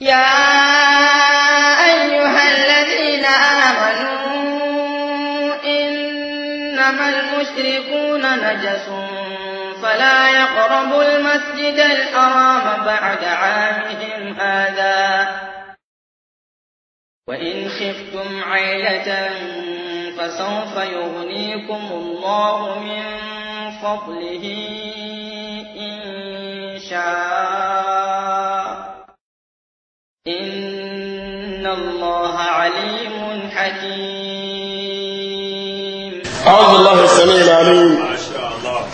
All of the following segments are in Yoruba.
يا أيها الذين آمنوا إنما المشركون نجس فلا يقربوا المسجد الحرام بعد عامهم هذا وإن خفتم عيلة فسوف يغنيكم الله من فضله إن شاء أعوذ الله السميع العليم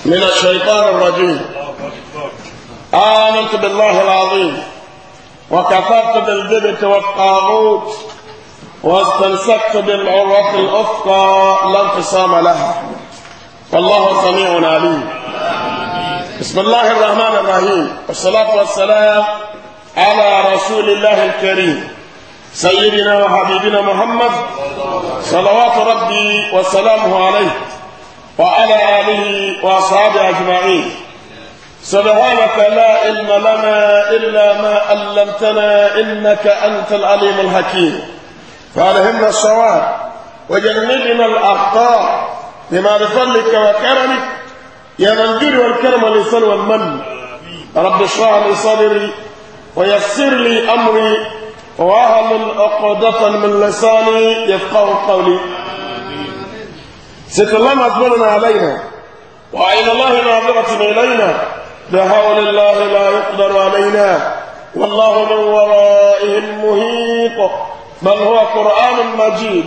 من الشيطان الرجيم آمنت بالله العظيم وكفرت بالجبت والطاغوت واستمسكت بالعروة الأفقى لا انقسام لها والله سميع عليم بسم الله الرحمن الرحيم والصلاة والسلام على رسول الله الكريم سيدنا وحبيبنا محمد صلوات ربي وسلامه عليه وعلى آله وأصحابه أجمعين سبحانك لا علم لنا إلا ما علمتنا إنك أنت العليم الحكيم فألهمنا الصواب وجنبنا الأخطاء بما بفضلك وكرمك يا من جل والكرم لسلوى من رب اشرح لي صدري ويسر لي أمري وهل عقدة من لساني يفقه قولي ست الله مزبولنا علينا وعين الله ناظرة إلينا بحول الله لا يقدر علينا والله من ورائهم المهيط بل هو قرآن مجيد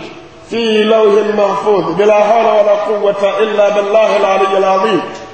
في لوح محفوظ بلا حول ولا قوة إلا بالله العلي العظيم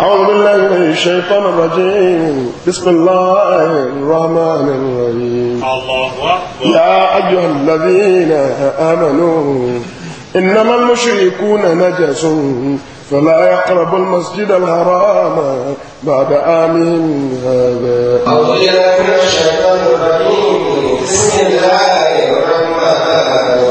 أعوذ بالله من الشيطان الرجيم بسم الله الرحمن الرحيم الله أكبر يا أيها الذين آمنوا إنما المشركون نجس فلا يقربوا المسجد الحرام بعد آمين هذا أعوذ بالله من الشيطان الرجيم بسم الله الرحمن الرحيم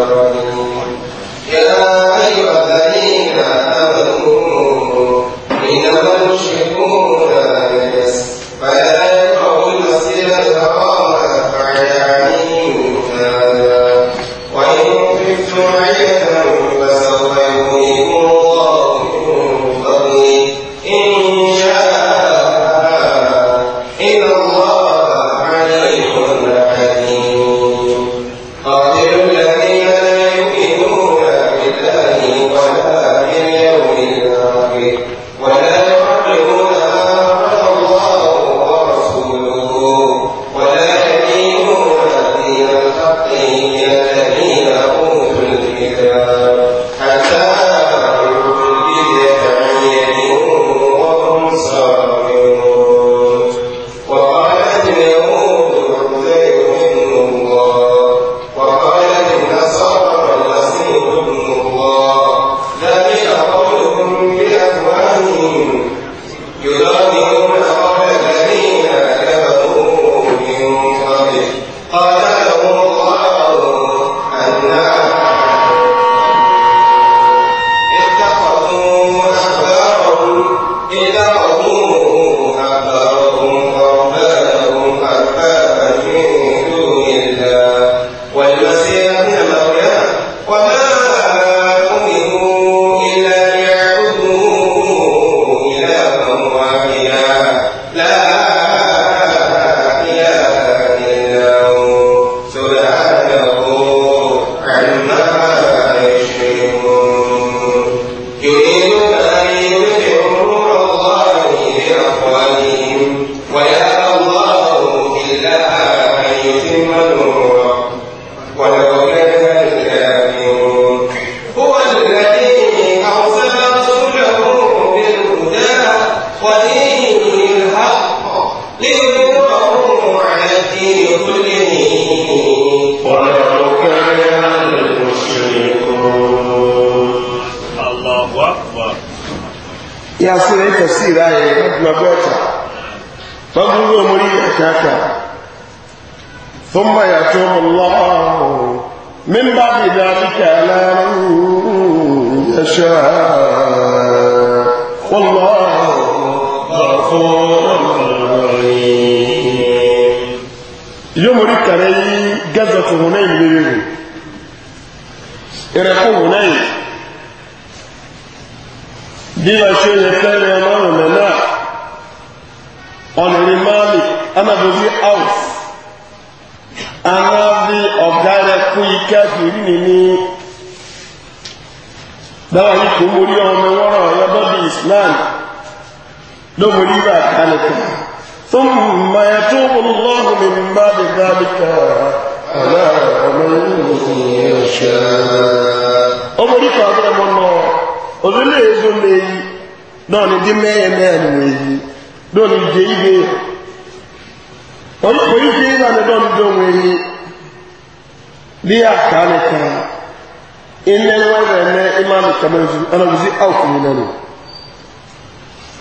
أنا بزي أوف من أنا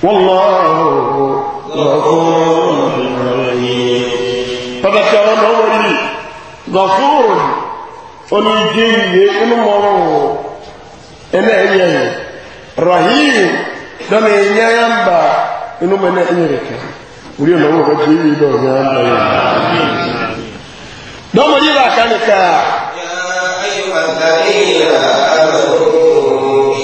والله غفور رحيم فبشر نوري غفور فنجي إنمره إنا إياه رحيم دم إياه ينبع إنما إنا إياه وليون نورو غجي إياه ينبع دم إياه كانت يا أيها الذين آمنوا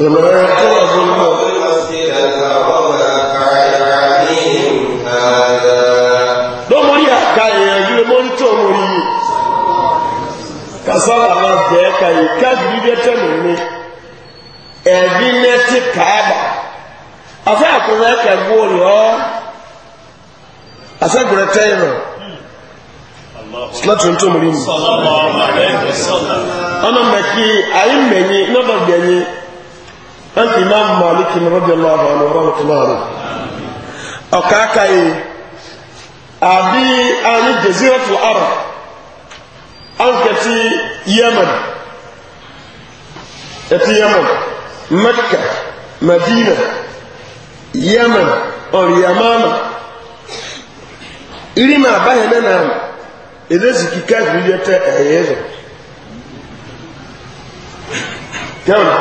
وما قرب بالمسجد الحرام كعيانهم هذا دومري كاي يمون تومري كسر ما كاي كاد بيتمني ابنتي كعبه afa akɔnɔ ɛkɛ gbóòlù ɔ asagorɔ tɛyin nɔ silatu ntomori mu ɔnà mɛki ayi mɛnyi nɔbɔ gbɛnyi. أنت إمام مالك رضي الله عنه ورحمة الله عليه أكاكاي أبي أن جزيرة العرب أنك في يمن في يمن مكة مدينة يمن أو يمامة إلي ما باهي لنا إذا زكي كاف بيجتا أهيزا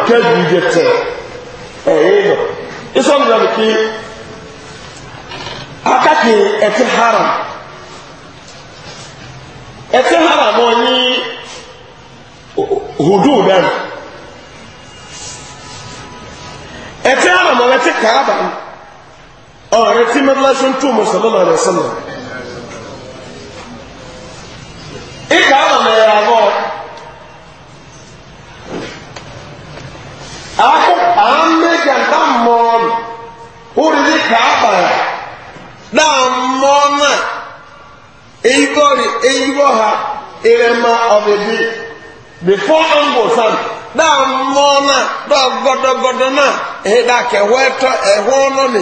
كاف بيجتا ɛyɛdɔ isɔmina bi ki akaki ɛti haram ɛti haram ɔnyi hudu dan ɛti haram ɔbɛti kaaba ɔrɛti mɛlɛsi ntumu sɛlɛm na sɛlɛm ikaaba mɛ yɛ abɔ. oriri ka akpara na mmụọ na eyibori eyibo ha irema ọdịdị bifo angosan na mmụọ na na gọdọgọdọ na ịda ka ehu eto ehu ọnụ ni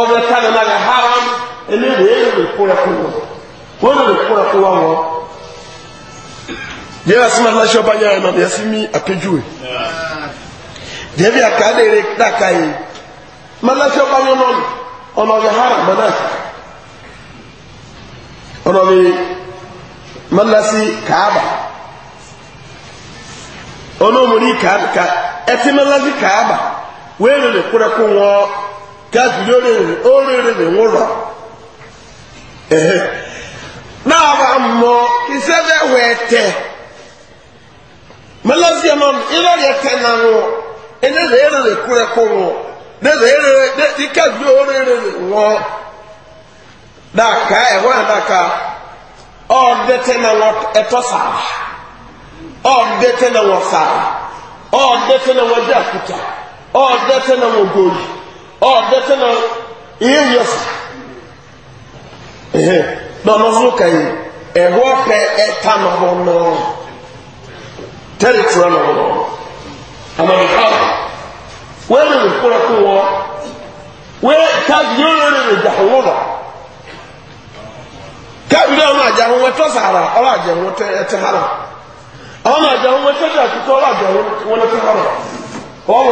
ọdị ka na ya haram ele na eyi na ekwuru ekwuru na ekwuru ekwuru ọhụrụ na yẹ fi mi apẹjuwe dẹbi daka mẹlẹsẹ ọbanye nọnù ọnọbi hara mẹlẹsẹ ọnọbi kaaba ka ẹtí mẹlẹsẹ kaaba wéèrè lè kúrẹ kó wọn káàkiri óréèrè óréèrè lè wọn lọ ẹhẹ náà bá mọ ìsẹfẹ wẹẹtẹ mẹlẹsẹ nọnù dẹ́sẹ̀ eré ìkẹ́gbẹ́ oríire wọ́n dàkà ẹ̀họ́ ẹ̀ na wọ́n ẹ̀tọ́ ọ ọ̀ọ́dẹ́tẹ́ na wọ́n ọ ọ̀ọ́dẹ́tẹ́ na wọ́n sara ọ ọ̀ọ́dẹ́tẹ́ na wọ́n ọ ọ̀ọ́dẹ́tẹ́ na ihe yẹ fà ẹ̀hẹ́ lọ́nà ka ihe ẹ̀họ́ pẹ nọ tẹ́lẹ̀ tura wẹ́rẹ̀ rẹ̀ kúrẹ́ kó wọ́ wẹ́rẹ̀ káàkiri yóò rẹ̀ rẹ̀ jà owó lọ. káàkiri ọmọ àjà wọn wọ́n sàrà ọlọ́ àjà wọn tẹ ẹ tẹ hàrà wọn wọn hàrà ọmọ náà ó wọn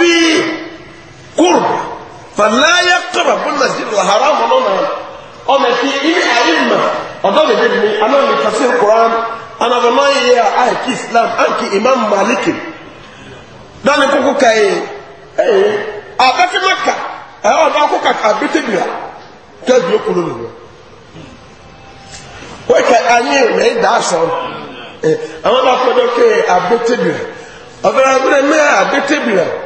rẹ̀. h aa alike ọr a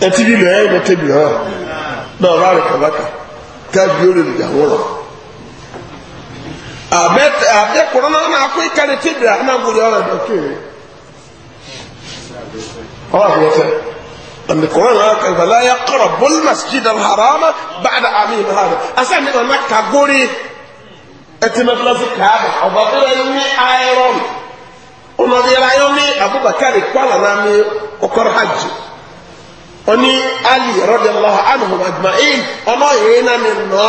ẹtí bí mẹ́ẹ́ ló tẹ́bi hàn náà ọ̀rọ̀ àrẹ kàbákà káàbí ó lè lè yàwó rà. àbẹ́tẹ̀ àbẹ́kùnrin náà náà kó ìkàlẹ̀ tẹ́bi rà náà gbòòrò ọ̀rọ̀ ẹ̀dọ̀ kéèrè. ọwọ́ àbúrọ̀tẹ́ أن القرآن قال فلا يقرب المسجد الحرام بعد عامين هذا أسأل أن هناك قولي أتمت لسك هذا وبطل يومي آيرون ونظير يومي أبو بكر قال رامي وقر حجي oni ali radiyallahu anhu ajma'in ọmọ yìí na ni nọ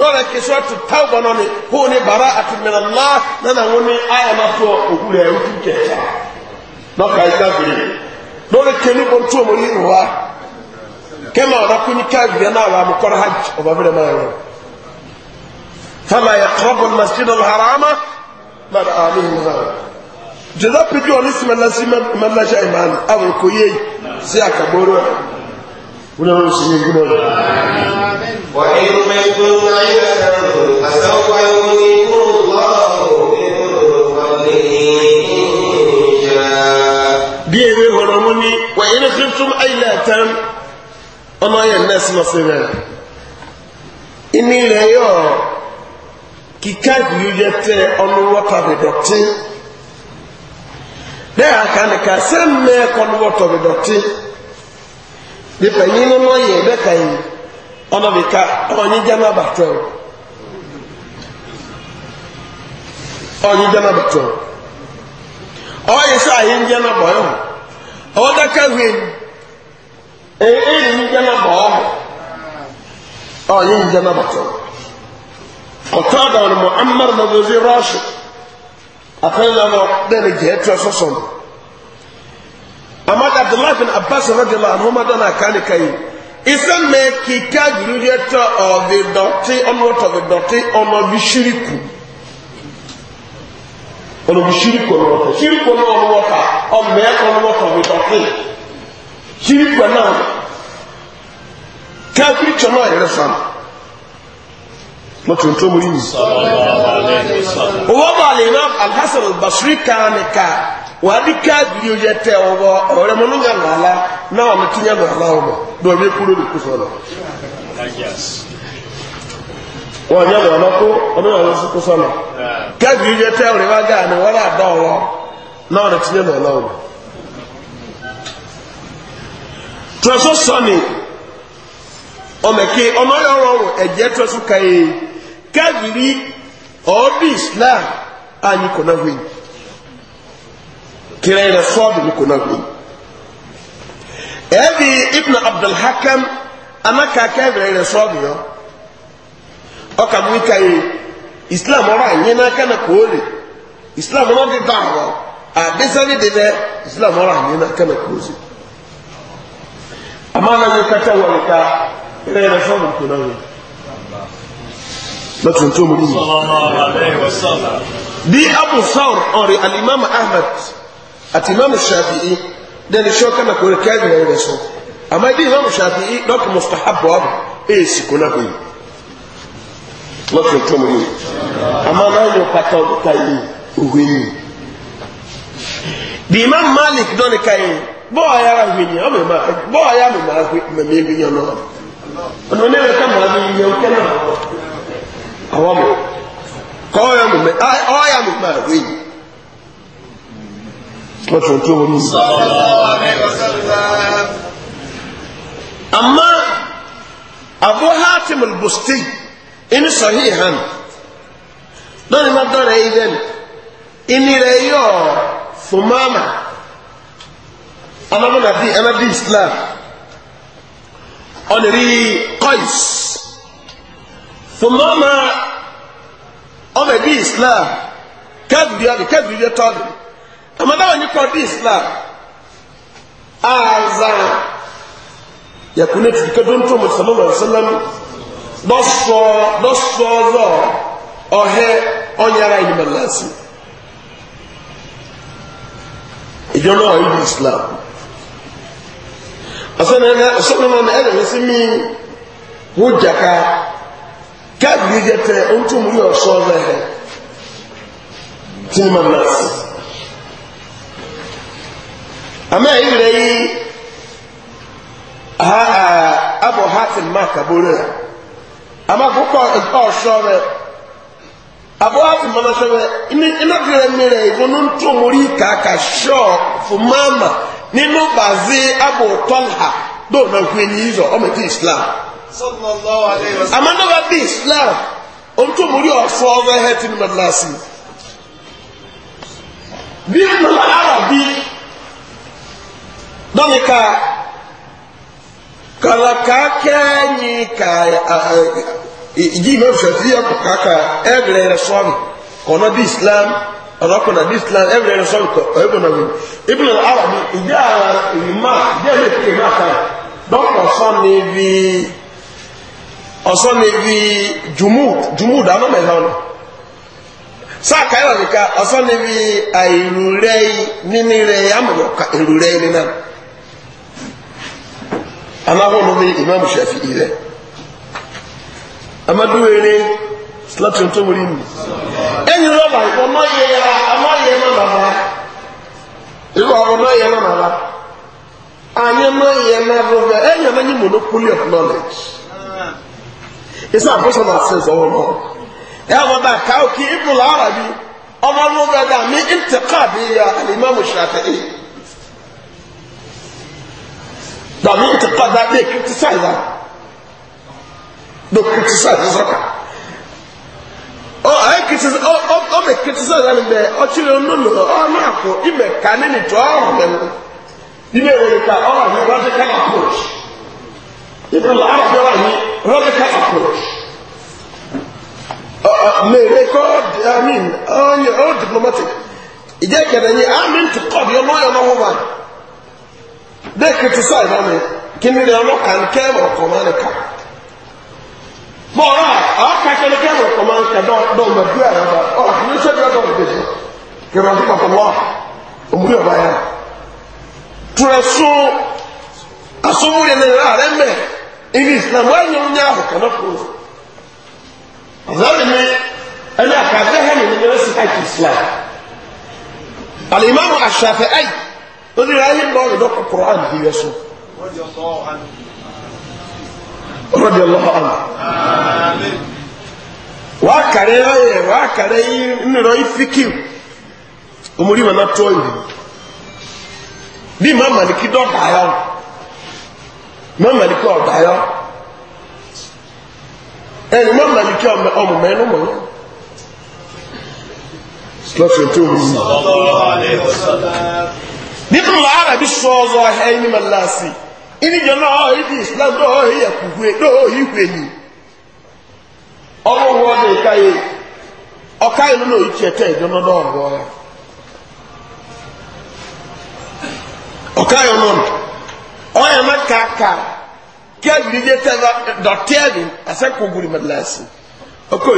lọ́rẹ̀ kí sọ́ tu tawbọ̀ náà ni kó ni bara àti mìnàlá nana wọn ni ayé máa tó òkú rẹ̀ ojú kẹta lọ́kà ìgbà bìrì lọ́rẹ̀ kí ni bọ́ tó mo yí wá kẹ́mà ọ̀rọ̀ kú ni káàbìrì náà wà mú kọ́ra hajj ọba bìrẹ̀ máa rẹ̀ fama yà kọ́bọ̀n masjid alharama mada amin muhammad jẹ́dá pẹ̀lú ọ̀ní sinmi lásìmẹ́lẹ́sẹ̀ ìmáàlì àwọn kò yé sí ولو سنين قلوا وإن منكم عيدا فسوف يغنيكم الله من فضله إن شاء بيوي هرموني وإن خفتم عيلة أما الناس مصيرا إني لا يرى kikaadu yi yɛ tɛ ɔno wɔtɔ bi dɔte dɛ aka ne ka sɛ mmɛɛ kɔno wɔtɔ bi dɔte nipanyin no n'ɔyɛ ɛbɛka yi ɔnɔbika ɔnyi gyama batɔ ɔnyi gyama batɔ ɔyɛ sɛ ayi gyama bɔyɔ ɔdaka hwɛ ee eyi nyi gyama bɔyɔ ɔnyi gyama batɔ ɔtɔ adan no mo amar na dozi rɔɔso afɛn na no bɛn gyɛ ɛtɔ sɔsɔ no amma da abdullahi bin abbas radiyallahu anhu ma dana kani kai isan me kika juriyata of the dirty ono to the dirty ono bi shiriku ono bi shiriku ono wota shiriku ono ono wota o me ono wota bi dirty shiriku na ka fi chomo ere sam mọtò tó mú yìí. wọ́n bá lè ná alhassan al kan ní ká wàdí káàbìrì oyè tẹ ọwọ ọrẹ mọ níyà nàlá náà wọn ti yà nàlá ọmọ lórí kúrò nìkú sọlọ. wọn yà nàlá kó ọdún yà lọsí kú ga káàbìrì oyè tẹ ọrẹ wá gà ní wọn o islam كرينا صاد نكونغو أبي ابن عبد الحكم أنا كاكا كرينا صاد يو أكم ويكاي إسلام ورا ينا كان كولي إسلام ورا دي دعوة أبسني دي إسلام ورا ينا كان كوزي أما أنا يكتا ولكا كرينا صاد نكونغو لا تنتم صلى الله عليه وسلم دي أبو ثور أوري الإمام أحمد àti imáàmù ṣàfihì dẹni ṣọ́ kánà kò rí kẹ́rin rẹ̀ rẹ̀ sọ àmọ́ ibi imáàmù ṣàfihì lọ́kì mustahabu ọ̀bù èyí eh, sì kó náà kò yìí lọ́kì tó mu yìí àmọ́ náà yọ pátá ọdún ká yìí òwe yìí. bí imáàmù malik dọ́ni ká yìí bọ́ọ̀ ayé ara hwé ni ọmọ ìmá bọ́ọ̀ ayé àmì máa hwé mẹ́mẹ́ ebi yẹn náà ọ̀nà onírin ká máa bí yẹn kẹ́ náà àwọn mọ̀ kọ́ ọ̀yà mọ̀ máa hwé yìí lọ́tọ̀ tó wọ́n ní. amma abu hatim al-busti ini sahihan lọ́nà ma dọ́rẹ̀ yìí dẹ́nu ini rẹ̀ yọ̀ fumama ọmọ náà bí ẹnà bí islam ọ̀nà rí qais fumama ọmọ bí islam kẹ́bìrì ọ̀dì kẹ́bìrì ọ̀tọ́dì. amada wa islam aza yakune tutuka donto mu sallallahu alaihi wasallam dɔsɔ dɔsɔ zɔ ɔhɛ ɔnyara yimalasi ìjọ náà yìí di islam asọ́nà ẹ̀ ọ̀sọ́nà náà ẹ̀ lẹ́yìn mi wọ́n jàkà káàdì yìí jẹ tẹ ohun tó mú ama e ire yi ha maka bụrụ ya ama akwụkwọ ọsọrọ abụ mana sọrọ ịnọgide mmiri ịgụ n'ntụ ka ka ka shọọ fumama nínú bàzí abụ tọ́lá dọọ na nkwe ní ọ islam ama islam ọsọ ọzọ ha arabi. dɔnni ka kalakaakɛ nyi ka ji ma fɛti yɛ kɔ kaka ɛbɛrɛ yɛrɛ sɔmi kɔnɔ bi islam ɔnɔ kɔnɔ bi islam ɛbɛrɛ yɛrɛ sɔmi kɔ ɛbɛrɛ kɔnɔ bi ibi na awa bi ibi a ma ibi a ma fi ma ka dɔnni ɔsɔmi bi ɔsɔmi bi jumu jumu da ama ma ɛna ɔnɔ saa ka ɛwɔ nika ɔsɔmi bi ayirurɛ yi nini rɛ yi ama yɔ ka erurɛ yi nina. anahono ne imam shafi'i rɛ amaduwe ne slatin to wuri mu ɛnyi e rɔba ɔmɔ yɛ ya ɔmɔ yɛ ma baba iba ɔmɔ yɛ ma baba anyi ma yɛ ma baba ɛnyi ma nyi monopoly of knowledge isa akoso na se sɔwɔ nɔ ɛwɔ ba kaw ki ibnu arabi ɔmɔ mu bɛ da mi intiqa bi ya alimami shafi'i. dàbí ètò padà dé kìtìsáìsà ló kìtìsáìsà sọ́kà ọ ayé kìtìsá ọ ọ mẹ kìtìsáìsà ni bẹ ọtúnyẹ onónú ọ náà kọ ibẹ ká nínú tó ọrọ mẹwò ibẹ wọlé ká ọrọ mi radical approach ibẹ lọ ọrọ mi wà ní radical approach ọ ọ mèrè kọ́ i mean ọ oh, yẹ oh, diplomatic ìjẹ́ kẹ̀dẹ̀ yẹ i mean to call your lawyer náà wọ́n wà they criticize me kini de ọlọ kan kẹmọ kọman ka bọọlọ a kẹkẹ ni kẹmọ kọman ka dọ dọ mẹ du ẹyẹ ba ọ ní sẹbi ọdọ ọdọ yìí kẹmọ ọdún pàtó lọ ọmọdé ọba yẹn tura so asọmọ yẹn ní ìlà rẹ mẹ ibi islam wọn yẹn ní ahọ kẹmọ kúrò ọzọlẹ mi ẹni àkàzẹ hẹni ní ní wọn sì hàkì islam alimami asafẹ ayi torí rẹ̀ ayé lọ́rọ̀ lọ́kọ̀ quran yíyẹ so rọ́dí ọlọ́wọ́ àná wàá kàrẹ́ ayẹ wàá kàrẹ́ nírọ̀ ifikiu omori wọn náà tó ìlú bí màá màlìkí dọ́gba ayọ́ màá màlìkí ọ̀gá ayọ́ ẹni màá màlìkí ọmọ mẹ́rin mọ̀ yẹn lọ́sọ̀tún mi. nítorí lára bí sọ ọzọ ọhẹ ní malasi ìníjọ náà ọhẹ bí islam náà ọhẹ yẹ kúkúẹ náà ọhẹ ìwé ni ọlọ́wọ́ ọdẹ ìkáyé ọkáyé nínú tiẹ̀ náà ọyẹ yẹ tẹ ẹsẹ ọkọ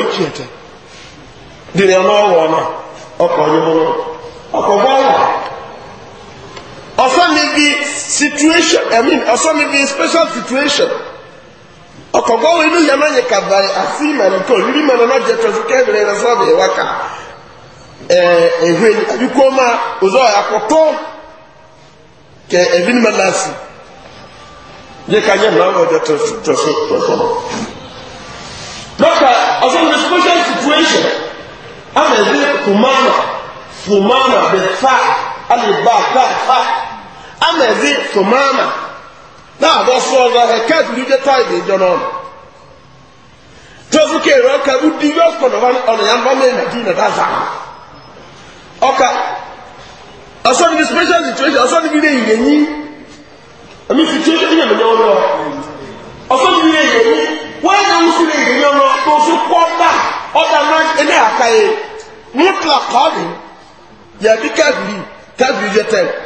tiẹ̀ náà ọwọ́ náà situation i mean ọsọ mi bi special situation ọkọgbọ wo inú yàrá yẹ kaba àfi ìmọ̀nà tó rírí mọ̀nà náà jẹ tọ́sí kẹ́bìrì rẹ sọ́ọ̀bù ìwà ká ẹ̀hìn àbíkó máa òzò àkọ́tọ́ kẹ ẹ̀bí ni mọ̀nà sí yẹ ká yẹ mọ̀nà ọjọ́ tọ́sí tọ́sí tọ́sí. dọ́kà ọsọ mi special situation ama ẹ̀dín kùmánà kùmánà bẹ̀ fà alẹ́ bá fà fà. amezi tụmama na-abọ sọ ọzọ ha kadiri taa taịdị njọ n'ọnụ tozu kere ọka ụdị ụdịrị ọkọdọba ọnụ ya mba mee na daza ọka ọsọ dị special situation ọsọ dị dị yenyi ami situation dị nyamanya ọnụ ọsọ dị dị yenyi wọn na nwụsị dị enyi ọnụ n'osu kwọba ọda na e ndị aka ya ya dị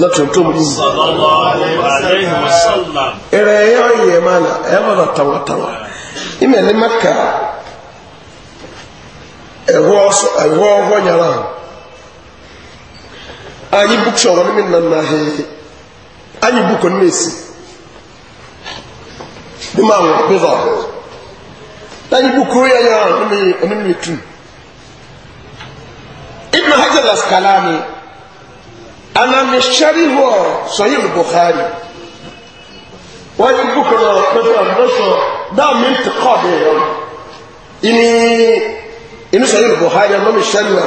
lọ́tọ̀ tó mú yìí. ẹ̀rẹ̀ ẹ̀yọ́ yẹ̀ máa nà ẹ̀ bọ̀dọ̀ tàwọ̀tàwọ̀ ìmẹ̀ ní maka ẹ̀họ́ ọ̀họ́ nyàrá anyi bookshop wọn mi nàn náà hẹ́ẹ́ anyi book ní èsì bí máa wọ̀ bíbá anyi book yẹ nyàrá ọ̀nà mi tù ibùdó hajj alaskala ni ana mishari wɔ sɔhil bukhari wɔyi buku na ɔkpɛtɛ ɔbɛsɔ daa mi ti kɔ de yɔ ini ini sɔhil bukhari ama mishari wa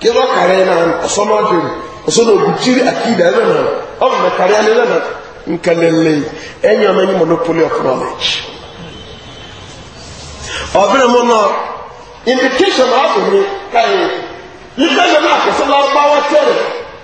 kebɔ kare na ɔsɔmɔ de ɔsɔmɔ ogutiri akida ɛna na ɔmɛ kare ɛna ɛna na nkalele ɛnyɛ ɔmɛ nyi monopoly of knowledge ɔbɛrɛ mu nɔ indication ɔbɛrɛ kae yikɛ yɛ na akɔsɛ lɔrɔ bawa tɛrɛ.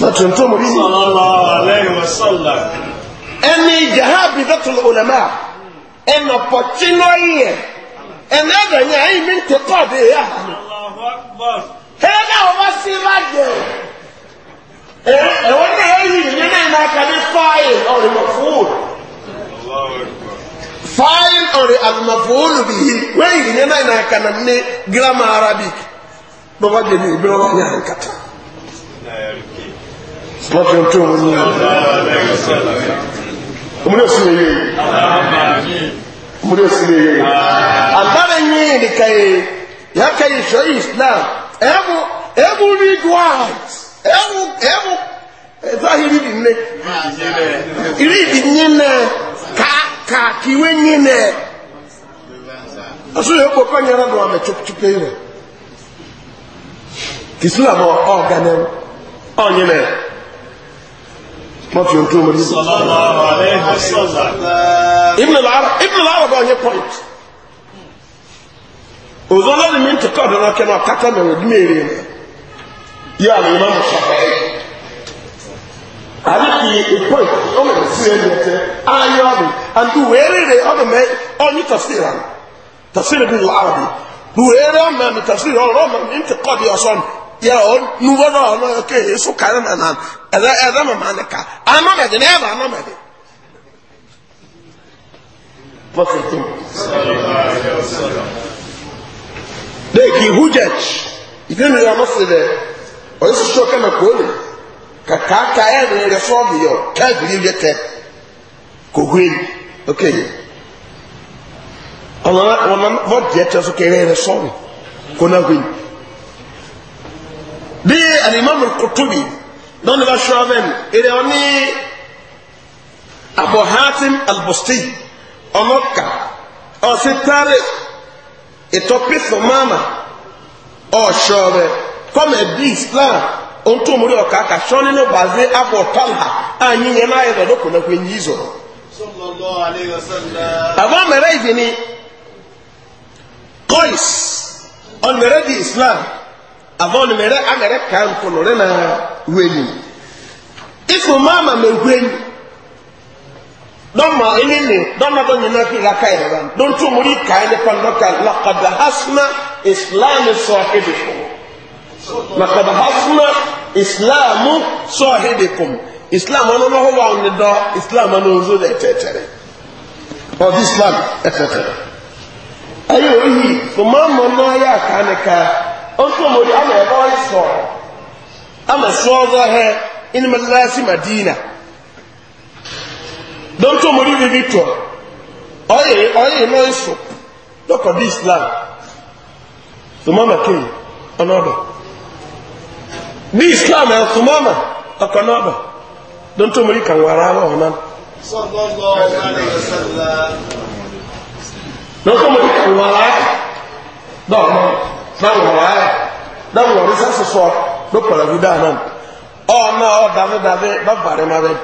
lọ́tún tó mú jahabi na slọ́tí ohun tó mú ní ọmọdé òsì lè yẹ ọmọdé òsì lè yẹ àbára yìí nìkan yìí yà ká islam ẹ̀mú ẹ̀mú rí dwight ẹ̀mú ẹ̀mú ẹ̀fáhì rí di nne rí di ka kiwe O wọ́n fi ohun tó mọ̀ ní ibùdó láàrọ̀ bá ọ̀nyẹ́ point òzò lẹ́nu mi ti kọ́ ọ̀dọ̀ náà kẹ́nu àkátá mẹ́rin ọdún èrè rẹ̀ yóò àmì ìmọ̀ mọ̀ sọ̀rọ̀ àbí kì í ìpọ̀ ọmọ ìsìn ẹni ẹ̀tẹ́ ayé ọdún àti wẹ́rẹ́ rẹ̀ ọdún mẹ́ ọ̀nyí tafsir àná tafsir bí láàrọ̀ bí wẹ́rẹ́ ọmọ mi tafsir ọ̀rọ̀ ọmọ mi ti kọ́ yɛ ɔ nubɔ na ɔno yɛ kɛ yesu kare na nan ɛdɛ ɛdɛ mama ne ka ama mɛ de ne ɛba ama mɛ de. deki hujaj ibi mi yɛ ɔno si dɛ ɔyɛ soso kama kooli kakaaka yɛ ne yɛ fɔ mi yɛ kɛbiri yɛ tɛ kogoe ok ɔnana ɔnana bɔ diɛ tɛ so kɛrɛ yɛ sɔmi kɔnɔ koe bí alimami kutubi lọ́nà bá ṣọ́ọ́bẹ̀n èrè ọ ní abuhatim albusti ọlọ́ka ọ̀sìn tari ìtọ́pẹ́fọ́ mama ọ̀ṣọ́ọ̀bẹ̀ kọ́mẹ̀ bí islam ohun tó múrí ọ̀ka kà ṣọ́ nínú bàzẹ́ abọ̀tálà àyínyẹn náà ẹ̀rọ lókùnlẹ́kùn ẹ̀yìn yìí zọ̀rọ̀ àwọn mẹrẹ ìdí kọ́ìs ọ̀nmẹrẹ islam avon mere amere kan kolore na weli ifo mama me weli dɔnma ɛni ni dɔnma dɔ nyina fi la ka yɛrɛ la don tó mo ni ka yi ni ka lakada hasuna isilamu sɔhidi kum lakada hasuna isilamu sɔhidi kum isilamu ɔno wa ɔni dɔ isilamu ɔno ozo de tɛtɛrɛ ɔdi isilamu ɛtɛtɛrɛ ayi oyi fo maa mɔ n'aya ka ka. ọtún ọmọdé ama ẹ̀rọ ẹ̀sọ̀ ama sọ ọdọ hẹ ẹni mẹlẹ́sì madina dọ́tún ọmọdé bíbí tọ̀ ọyẹ ọyẹ ẹ̀rọ ẹ̀sọ̀ lọ́kọ̀ bí islam tùmọ́mà kéwì ọ̀nọ́dọ̀ bí islam ẹ̀ tùmọ́mà ọkọ̀ nọ́dọ̀ dọ́tún ọmọdé kàn wàrà wọn náà. dọ́tún ọmọdé kàn wàrà dọ́ọ̀mọ́. náà wọ̀rọ̀ ayẹ̀ náà wọ̀rọ̀ sẹ́sì sọ ló pẹ̀lẹ̀ fi dáa náà ọ̀nà ọ̀dàbí dàbí bá bàrẹ̀ má bẹ́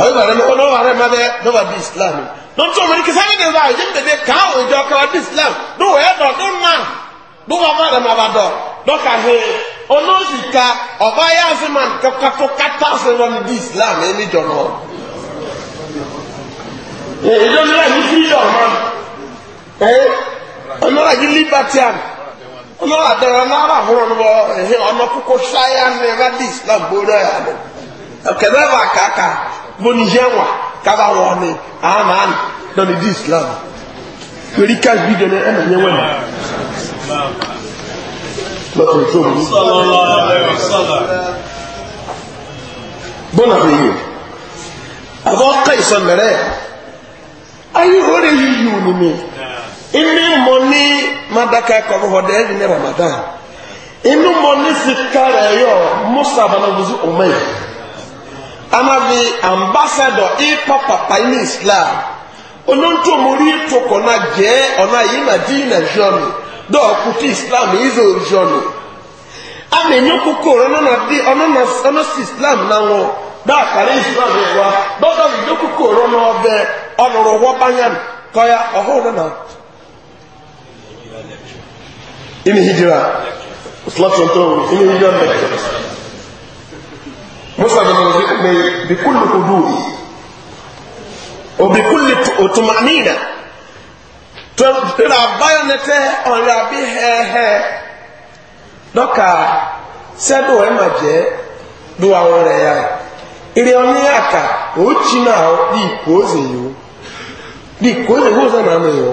ọ̀yẹ́ bàrẹ̀ má bẹ́ bàrẹ̀ má bẹ́ ló bá di islam ló ń tún omi ní kìsá ní ìdílé àyè bèbè káwọn ìjọ kẹwàá di islam ló wẹ̀ dọ̀ ló nà ló bá bàrẹ̀ má bá dọ̀ lọ́kà he olóòsìka ọ̀bá yá sí ma kàtó kátà sí wọn ní di islam ẹ̀ níjọ náà ìjọ nílẹ̀ ní fídọ̀ ọ̀nà àjí libertian ọ̀nà àdàrà náírà fúnra ní wọ́n ẹ̀hìn ọ̀nà kókó ṣáyà ní rádì islam gbóòdà yà lọ ọ̀kẹ́lẹ́ bá kàkà bóníṣẹ́ wà islam torí ká gbígbẹ́ ní ẹ̀nà yẹn wẹ̀lẹ̀. bọ́nà bẹ́ẹ̀ yìí àbọ̀ kẹ́ ìsọ̀mẹ̀rẹ̀ iri mọ ní madaka kọfọfọ dẹ ẹni ní ramadan inú mọ ní sika rẹ yọ musa banagusi umayi anabi ambassador ipa papa ní islam onontomori tokọ na jẹ ọna yi na di na jọnu dọọkù tí islam yìí zọ jọnu ama enyo koko ɔno na di ɔno na si islam na ŋo bɛ akara islam wa bɛ ɔno enyo koko ɔno na ɔbɛ ɔnoro hɔ banya kɔya ɔho no ini hijira slatron to ini hijira mekke musa bin rabi ne bi kulli hudur o bi kulli utmanina to la bayonete on la bi he he doka se do e ma je do awon re ya ire oni aka o chi na o di ko ze yo di ko ze go za na me yo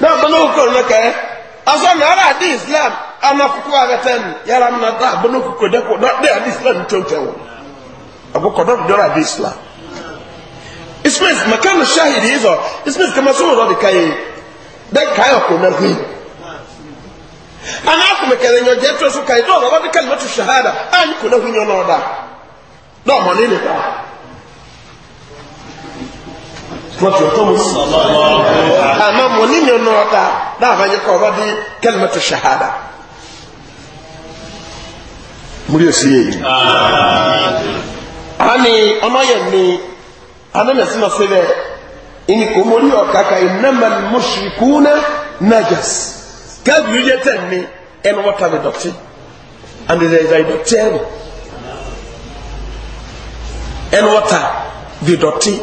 bọ́nà kòkòrò ló kẹ́ asọ́nà ara àdé islam anakoko agatẹ́n yàrá mi nàdá bọ́nà kòkòrò dẹ́kọ̀ dẹ́ àdé islam tẹ́wọ̀tẹ́ wọ̀ àbúkọ̀dọ́ mi islam ismail makanu shahidi yìí sọ ismail kama sọ́wọ́ lọ́ọ́ di káyé dẹ́ káyọ̀ kò náà hui anakoko mẹkẹrẹ yẹn jẹ́ tó so káyé dọ́ọ̀ lọ́wọ́ di káyé lọ́tù shahada á ní kò náà hui yẹn náà dá dọ́ọ̀ mọ̀ ní nìkan wọ́n ti ọ̀tọ́ mu sí. àmọ́ mo di kẹlẹ́mẹ́ tó ṣahada. ani ọmọ yẹn mi anamọ ẹsẹ náà sẹlẹ ẹni kò najas kẹ́bìrì yẹ tẹ̀ mi ẹnu and there is a dọ̀tí ẹnu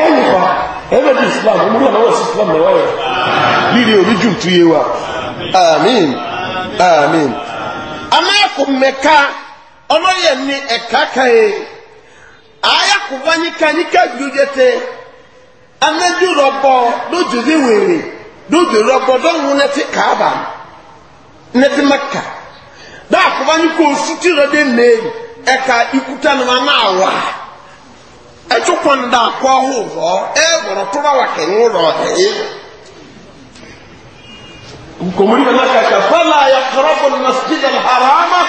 ẹ̀yìn fa ebe islam omúrí àwọn islam mẹ́wàá rẹ̀ líle Dị tó yé wa Amin. Amin. amáàkù mẹ́ka ọlọ́yẹ̀ ní ẹ̀ka káyé ayakùnfà níka níka gbójẹtẹ anájú rọ̀bọ̀ lójú ní wèrè lójú rọ̀bọ̀ dọ́hùn nẹ́tí kàábà nẹ́tí mẹ́ka dáàkùnfà máa ɛtukɔ no da akɔ ahorow hɔ ɛwɔrɔ toro awa kɛnyɛ ɛyɛ bɛ ka ya kɔrɔbɔ masjid na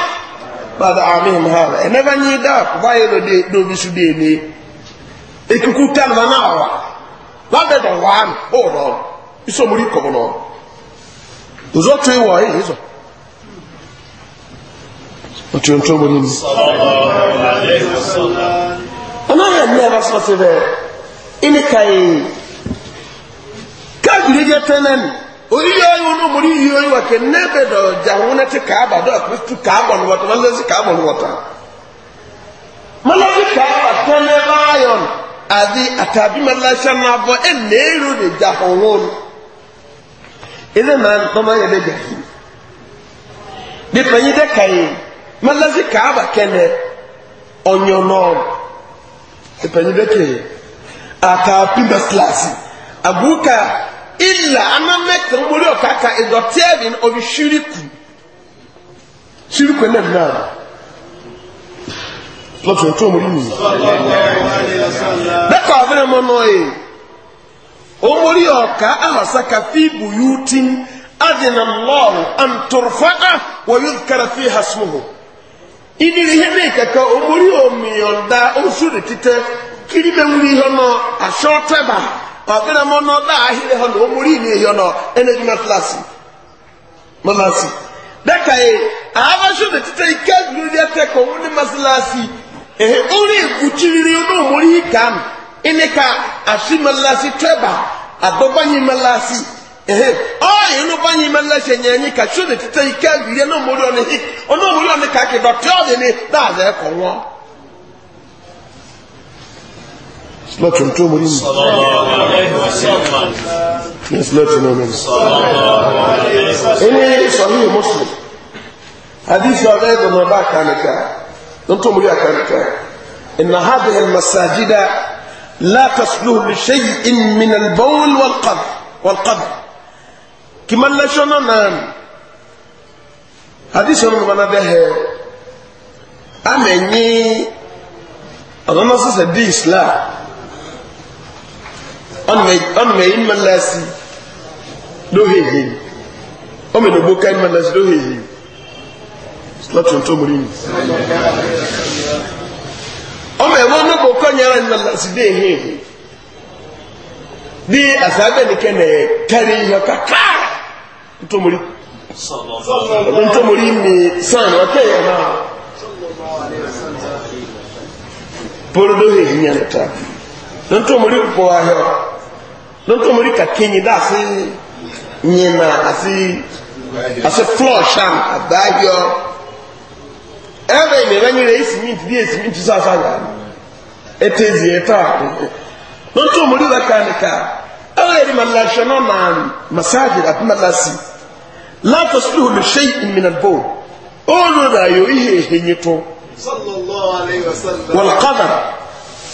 bada amin hara ɛnɛ bɛ nyi da kuba yɛ lɔ de do bi su de ne ekuku tan ma na wa wabɛ dɔ waa mi o rɔ isomuri kɔmɔ nɔ ozɔ tue wɔ ọmọ yẹn ní ẹbá sọ ti bẹ́ẹ̀ ẹni kàyé káàkiri jẹ tẹ́lẹ̀ mi oríyá yóò ní omori yìí yóò wà kẹ nẹ́ẹ̀bẹ̀ dọ̀ jà wọn ti kàába dọ̀ kristu kàábọ̀ ní wọ́tọ̀ mọ́lẹ́sì kàábọ̀ ní wọ́tọ̀ mọ́lẹ́sì kàába tẹ́lẹ̀ báyọ̀ àti àtàbí mọ́lẹ́sì náà bọ̀ ẹ̀ nẹ́ẹ̀rọ lè jà wọn. ilé náà ọmọ yẹn bẹ jà fún mi. bí pẹ̀yìn dẹ́ kàyé mọ́lẹ́sì ìpẹ̀yìn bẹ́kẹ̀ àtàpí bẹ́ẹ̀ kíláàsì àbúkà ilà anamẹ́tẹ̀ ńgbórí ọ̀kàkà ìdọ̀tí ẹ̀rì ní omi ṣíríkù ṣíríkù ẹlẹ́mì náà lọ́tọ̀ tó mú nínú bẹ́kọ̀ ọ̀fẹ́rẹ́ mọ́ náà yìí omori ọ̀ka ahasaka fíìbù yútin adìnnà lọ́ọ̀rù àǹtọ̀rọ̀fà wọ́n yóò kára fi hasmuhu. ibiri ihe na ka omori omiyonda osuri tite kiribe nwere ihe nọ ashọteba ọbịra mọ n'ọda ahịrị ha na omori ime ihe nọ enedima klasi malasi dịka e abashọde tite ike gụrụ ya teka onwere masalasi ehe ori ekpuchiriri n'omori ka e, ahụ ịnị ka ashi malasi teba adọbanye malasi ɔyɛ no ba nyi mɛlɛ hyɛ nyɛnyi ka tso ne tete yi ka wiye na omori ɔne hi ɔne omori ɔne ka ke dɔte ɔde ne na adɛ kɔ wɔ. sila tuntum mu yi. ne sila tuntum mu yi. ɛni sɔhi yi muslim hadisi ɔbɛ gɔmɔ ba kanika tuntum mu yi akanika ina ha bɛ masajida la tasluhu li shayi in min albawul kìmá national nan hadisi wọn bana bɛ hɛ ama nyi ɔnana sisan di islam ɔnuma yi ma lasi do hehe ɔmɛ na gbɔ kan ma lasi do hehe lọtun tó mu nínú ɔmɛ wọn ne kɔ nyara ma lasi de hehe bí asaabɛ nìkɛ nɛ kari yɔ kakra ntomori ntomori mi san wa kɛ yɛ na polo do yɛ hinya ne ta ntomori bɔ ahɛ ntomori ka kenyi da ase nyina ase ase flush am abaayɔ ɛbɛ ne bɛ nyere esimiti bi esimiti sasa ya etezi eta ntomori bɛ ka ne ka ɛbɛ yɛ ni ma lahyɛ na na masajid ati ma lasi. لا تصلح لشيء من البول أولو لا يؤيه هنيتو صلى الله عليه وسلم والقدر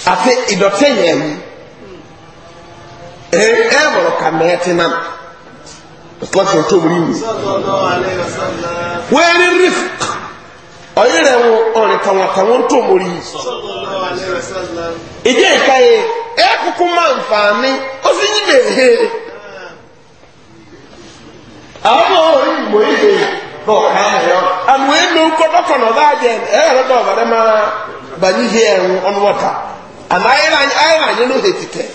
أتي إدوتين يعني إيه أمر كميتنا إطلاق شرطو مريم صلى الله عليه وسلم وين الرفق أيضا أولي تنوطنون تو مريم صلى الله عليه وسلم إجي كاي إيه كوكو منفعني أسيني بيه àwọn ọmọ yìí mọ̀ ìgbè lọ́ọ̀ká ẹ̀yọ́ àwọn èèmọ̀ ń kọ́ dọ́kọ̀ náà bá jẹ ẹ̀rọ dọ̀ ọ̀bàdẹ́ máa bàyí hí ẹ̀rù ọ̀nù wọ̀ta àná ayélujára ló hẹ̀ tìtẹ̀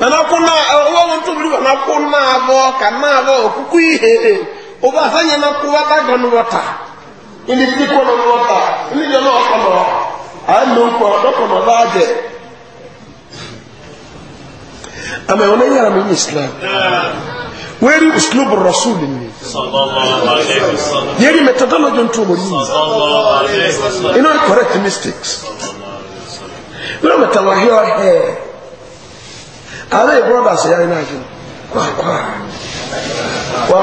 nana weri uslubu rasuli ni yeri methodology ntu mo ni ino correct mistakes lo metawa hiyo he ale brothers ya ina jini kwa kwa kwa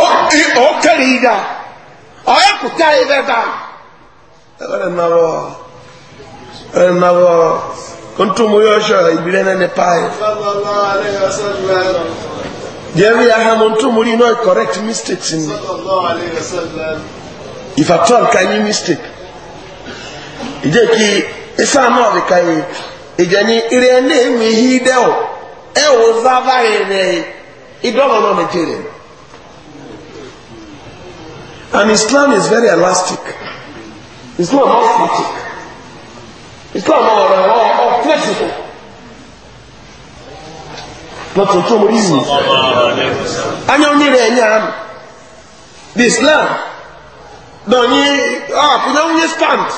o o kari da o ya e kutai da da e ẹgbẹrẹ mẹrọ nabo kuntumu yosho ibirene ne pae jevi aha muntumu lino correct mistakes in if at all can you mistake ije ki isa ma bi kai ije ni ire ne mi hide o e o za ba ire idomo no metere and islam is very elastic islam not static islam ọ̀rọ̀ ẹ̀rọ ọ̀fẹ́sìkò lọ́tún tó mọ̀rí yìí anya onye rẹ̀ ẹ̀yà àmì the islam dọ̀nyí ọ̀pùnyẹ́ onye stand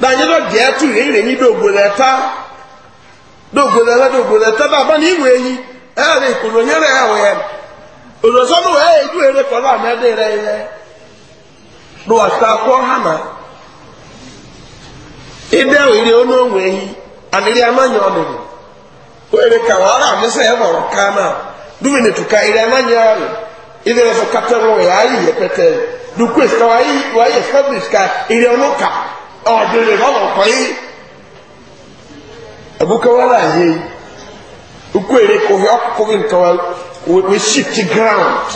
dànyẹ́ lọ jẹ́ ẹ̀tù ìrìnrìn ní dògbòlẹ̀ta dògbòlẹ̀ta dògbòlẹ̀ta bàbá ní ìwé yìí ẹ̀rẹ̀ onye èrè kọ́lá lọ́wọ́ ide iri onye onwe ehi anịrị ananya ọnụnụ were ka wara amịsa ya bọrọ ka na dumini tuka ire ananya ọnụ ide ọsọ katọrọ ya ayi ya pete ka wayi wayi establish ka iri ọnụ ka ọdịrị ọnụ kwa yi ebuka wara ahịa ukwere kụhị ọkụkụ gị nke wa we shift ground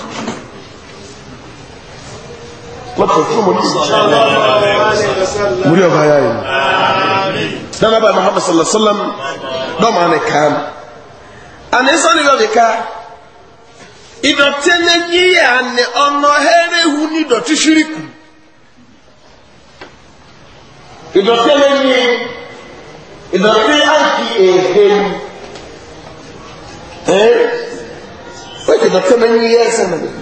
muri ọba ya yi dana ba muhammad sallallahu alaihi wasallam dọm ani kan ani sani yọ nika idọtẹnẹ yíyà ni ọnà hẹrẹhu ni dọtí ṣíríkù idọtẹnẹ yíyà idọtí àti èhèm ẹ wọ́n ti dọtẹnẹ yíyà ẹsẹ̀ nàbẹ̀.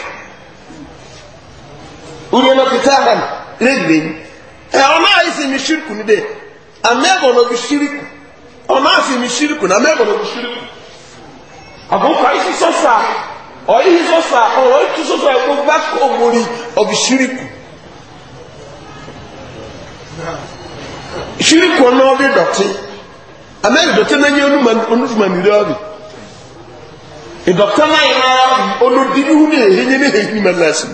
unyɛnɛ fitaa hɛn regbe ɛ ɔno a esi mi shiriku ni de amɛbɔ na obi shiriku ɔno a si mi shiriku na amɛbɔ na obi shiriku agogo ayi si sɔsa ɔyi si sɔsa ɔyi tu sɔsa ɛkó gba kó mori ɔbi shiriku shiriku ɔno ɔbi dɔte amɛbi dɔte n'enye onufuma niri ɔbi ìdɔ̀tẹ́ náà yẹn náà olùdíbíhù ní èyí ní èyí ní mẹ́lẹ́sìn.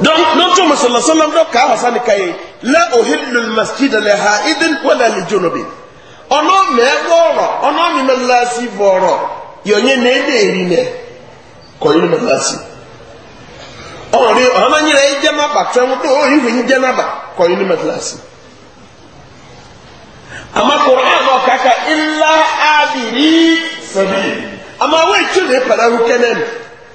donc non tuma sallallahu alaihi wasallam do ka hasan kay la uhillu almasjida li haidin wala li junubin ono me woro ono mi lasi voro yonye ne de rine ko yin malasi ono ri ono nyi re jama ba tan do yi hu jana ba ko yin malasi ama qur'an wa kaka illa abiri sabil ama wa chu ne para hu kenen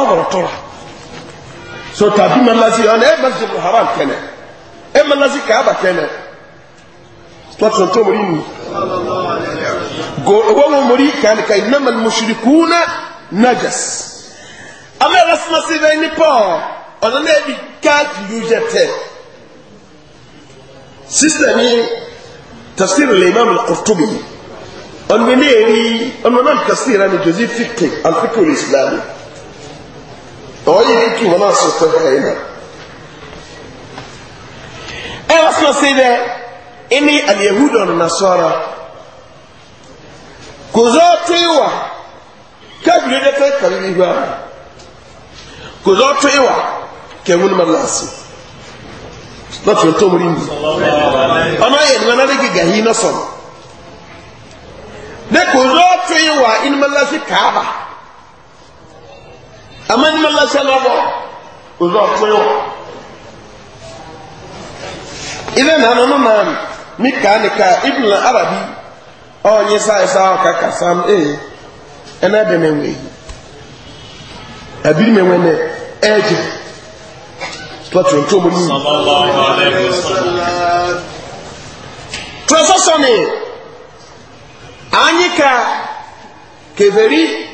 ọbọrọ tọrọ so tàbí mẹlẹsì ọ̀nà ẹ mẹlẹsì haram kẹnẹ ẹ mẹlẹsì kàába kẹnẹ tọ́tún tó mọ̀rí nù gbogbo mọ̀rí kàníkà ìnáma mùsùlùkúnà najas àmì ẹlẹsìmọsí bẹ nípa ọ̀nà náà bí káàdì yóò jẹ tẹ sísè ní tafsir l'imam al-qurtubi ọ̀nà náà rí ọ̀nà náà tafsir ní joseph fikin al-fikir islam ɔyɛ tutu wɔn aso tɔ ha yi na ɛwɔ so se dɛ ɛne aliyahudu no na sɔra kozo tewa kabiri de fɛ kari bi hwa kozo tewa kɛwu no ma laasi lọtọ tó mú rí mi ọmọ yẹn ní wọn náà lè gàhí náà sọrọ de kozo tewa inú ma laasi kaaba. amanyima lase lɔbɔ ozɔ ɔtoyɔ ilé na no nan mi kaa ne kaa arabi Onye saa saa ɔka kasam ee ɛna de ne nwe yi abiri mi nwe ne ɛgye tó tuntun mu nii tó anyi ka keveri.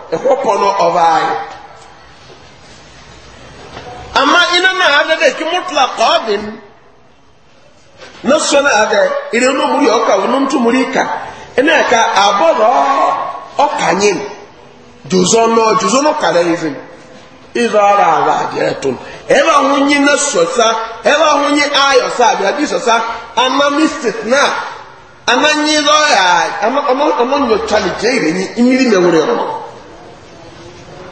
ɛhɔ pɔnɔ ɔbaayi ama ina na adɛ dɛ kí mutla kɔɔbin ne sɔ na adɛ ire no mu yɛ ɔka wɔn ntu ri ka ɛna yɛ ka abɔdɔ ɔkanyin jozɔ nɔ jozɔ kala yi fin izɔra ala adiɛ ho nyi ho nyi ayɔ sa ana mi na ana nyi lɔya ama ama ama nyɔ twa ne nyi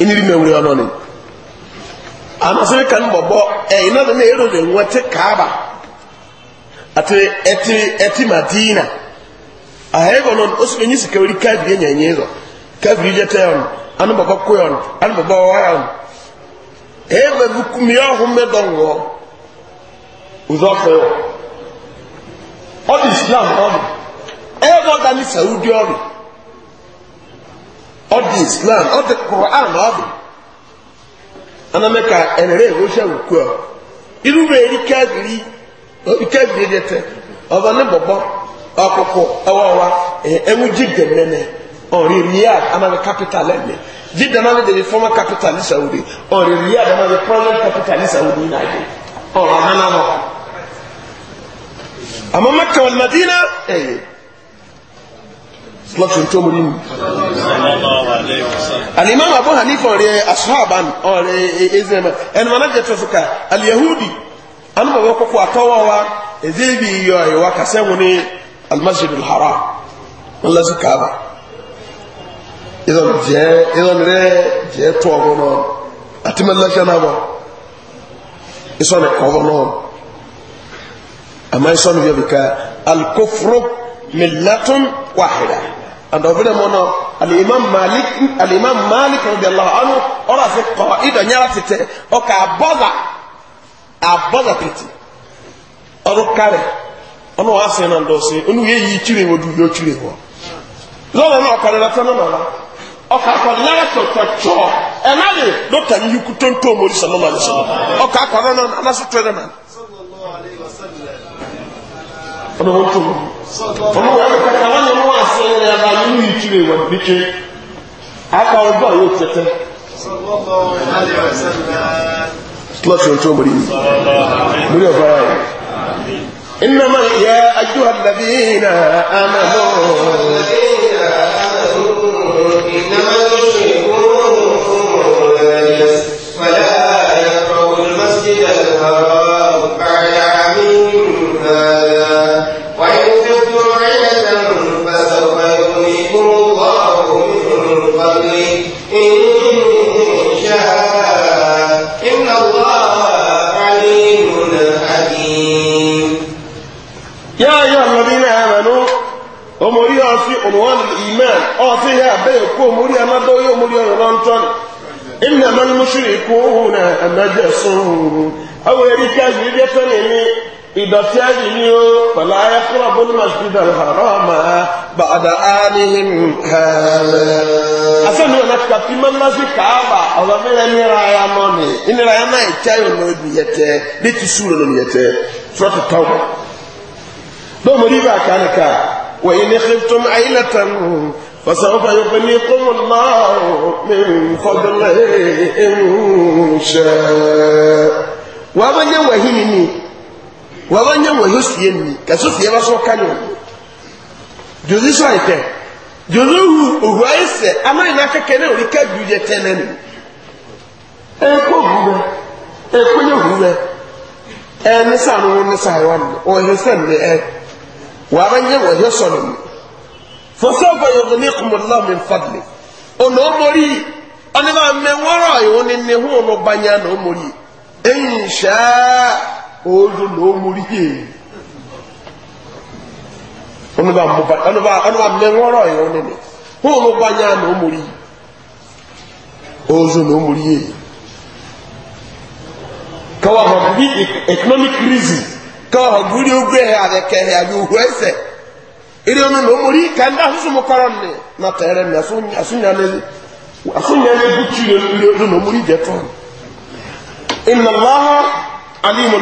enyiri m ewuri ọnụ amasịrị ka mgbọgbọ ịnọdụ e, na-ero na nweta kaaba ati eti eti madina ahego non osike nyisi kawri kadri nyanyezo bọ jete on anu baba Ee anu baba wayon ebe bukumia humme dongo uzofe odi islam odi ebe ọga ni saudi ọrịa ọdị islam ọdị quran ọdị anamẹka ẹnẹrẹ ìwọṣẹ òkú ọ irú rẹ rí kẹfìrí kẹfìrí rẹ tẹ ọba ní bọbọ ọkọkọ ẹwọ wa ẹmu e, jíjẹ nẹnẹ ọrin riyad anamẹ capital ẹnẹ jíjẹ náà lè di former capital ní saudi ọrin riyad anamẹ present capital ní saudi ní àjẹ ọrọ anánáwọ àmọ mẹka wọn madina ẹyẹ. Eh, lọ́tún tó mú nínú. alimami abu hanifa ọ̀rẹ́ asuhaban ọ̀rẹ́ ezema ẹni wọn lẹ́jẹ̀ tó fúkà aliyahudi anubọ̀wọ́ kọ́kọ́ àtọwọ́ wa èdè ibi iyọ̀ ìwà kàṣẹ́wò ní almasjid alharam wọn lọ́sí kaaba ìdọ̀nù jẹ́ ìdọ̀nù rẹ̀ jẹ́ tó ọgbọ́n náà àti mẹ́lẹ́sẹ̀ náà bọ̀ ìsọ̀nù ọgbọ́n náà àmọ́ ìsọ̀nù yẹ bìkà alkofro milatun wahida. and ọbẹrẹ mọ náà alimam malik malik rẹ dẹlọ ọnu ọrọ àfi kọ ìdọnyára tètè ọkà abọ́dà abọ́dà tètè na kárẹ ọnu wàá sẹ náà ndọsẹ ọnu yẹ yìí kyerè wọ dùn yóò kyerè wọ lọ́nà náà omori ọmọ wọn tó ọmọ wọn kẹkẹ wọn ni wọn asẹ ẹ ẹba nínú ìtúre wọn nìke aka ọgbọ yóò tẹtẹ. slọt yóò tó mọrí lórí ọba rẹ. إنما يا أيها الذين آمنوا إنما يشركون فلا يقربوا المسجد الحرام بعد عامهم هذا عنوان الإيمان أعطيها بيكو مريا ندوي مريا ننطن إنما المشركون نجس أو يريكا جريتني إذا تجنيو فلا يقرب المسجد الحرام بعد آلهم هذا أسنو نكتا في من نزي كعبا أو من أني رايا موني إن رايا ما يتايو نوبي يتاي لتسولو نوبي يتاي سورة التوبة دوم ريبا كانكا وإن خفتم عيلة فسوف يغنيكم الله من فضله إن شاء وابن وهيني وابن وهسيني كسوس يبا سو كانيو جوزي سو ايته جوزو هو ايسه اما ان اككنه وريكا جوجه تنن اكو هو اكو هو ان سانو نسايوان او هسن ايه wàbẹ̀yẹ wọ̀ yẹ sọ̀rọ̀ mi fọsọ́fọ̀ yọ̀dọ̀ ní kùmọ̀lá mi fadlẹ̀ ọ̀nà ọmọrí ọ̀nàmà mẹ́wọ́rọ̀ ìwọ̀n ni ne hún ọ̀nà banya ọ̀nà ọmọrí ẹ̀yìn ṣá ọ̀dọ̀ ọ̀nà ọmọrí yẹ ọ̀nàmà mẹ́wọ́rọ̀ ìwọ̀n ni ne hún ọ̀nà banya ọ̀nà ọmọrí ọ̀dọ̀ ọ̀nà ọmọrí yẹ káwọn ọmọ bí economic reason ka guri ugwe ade ke ya bi uhwese ire no no muri ka nda su mu koron ne na tere na su nya su nya ne su nya ne buchi ne no no muri je ton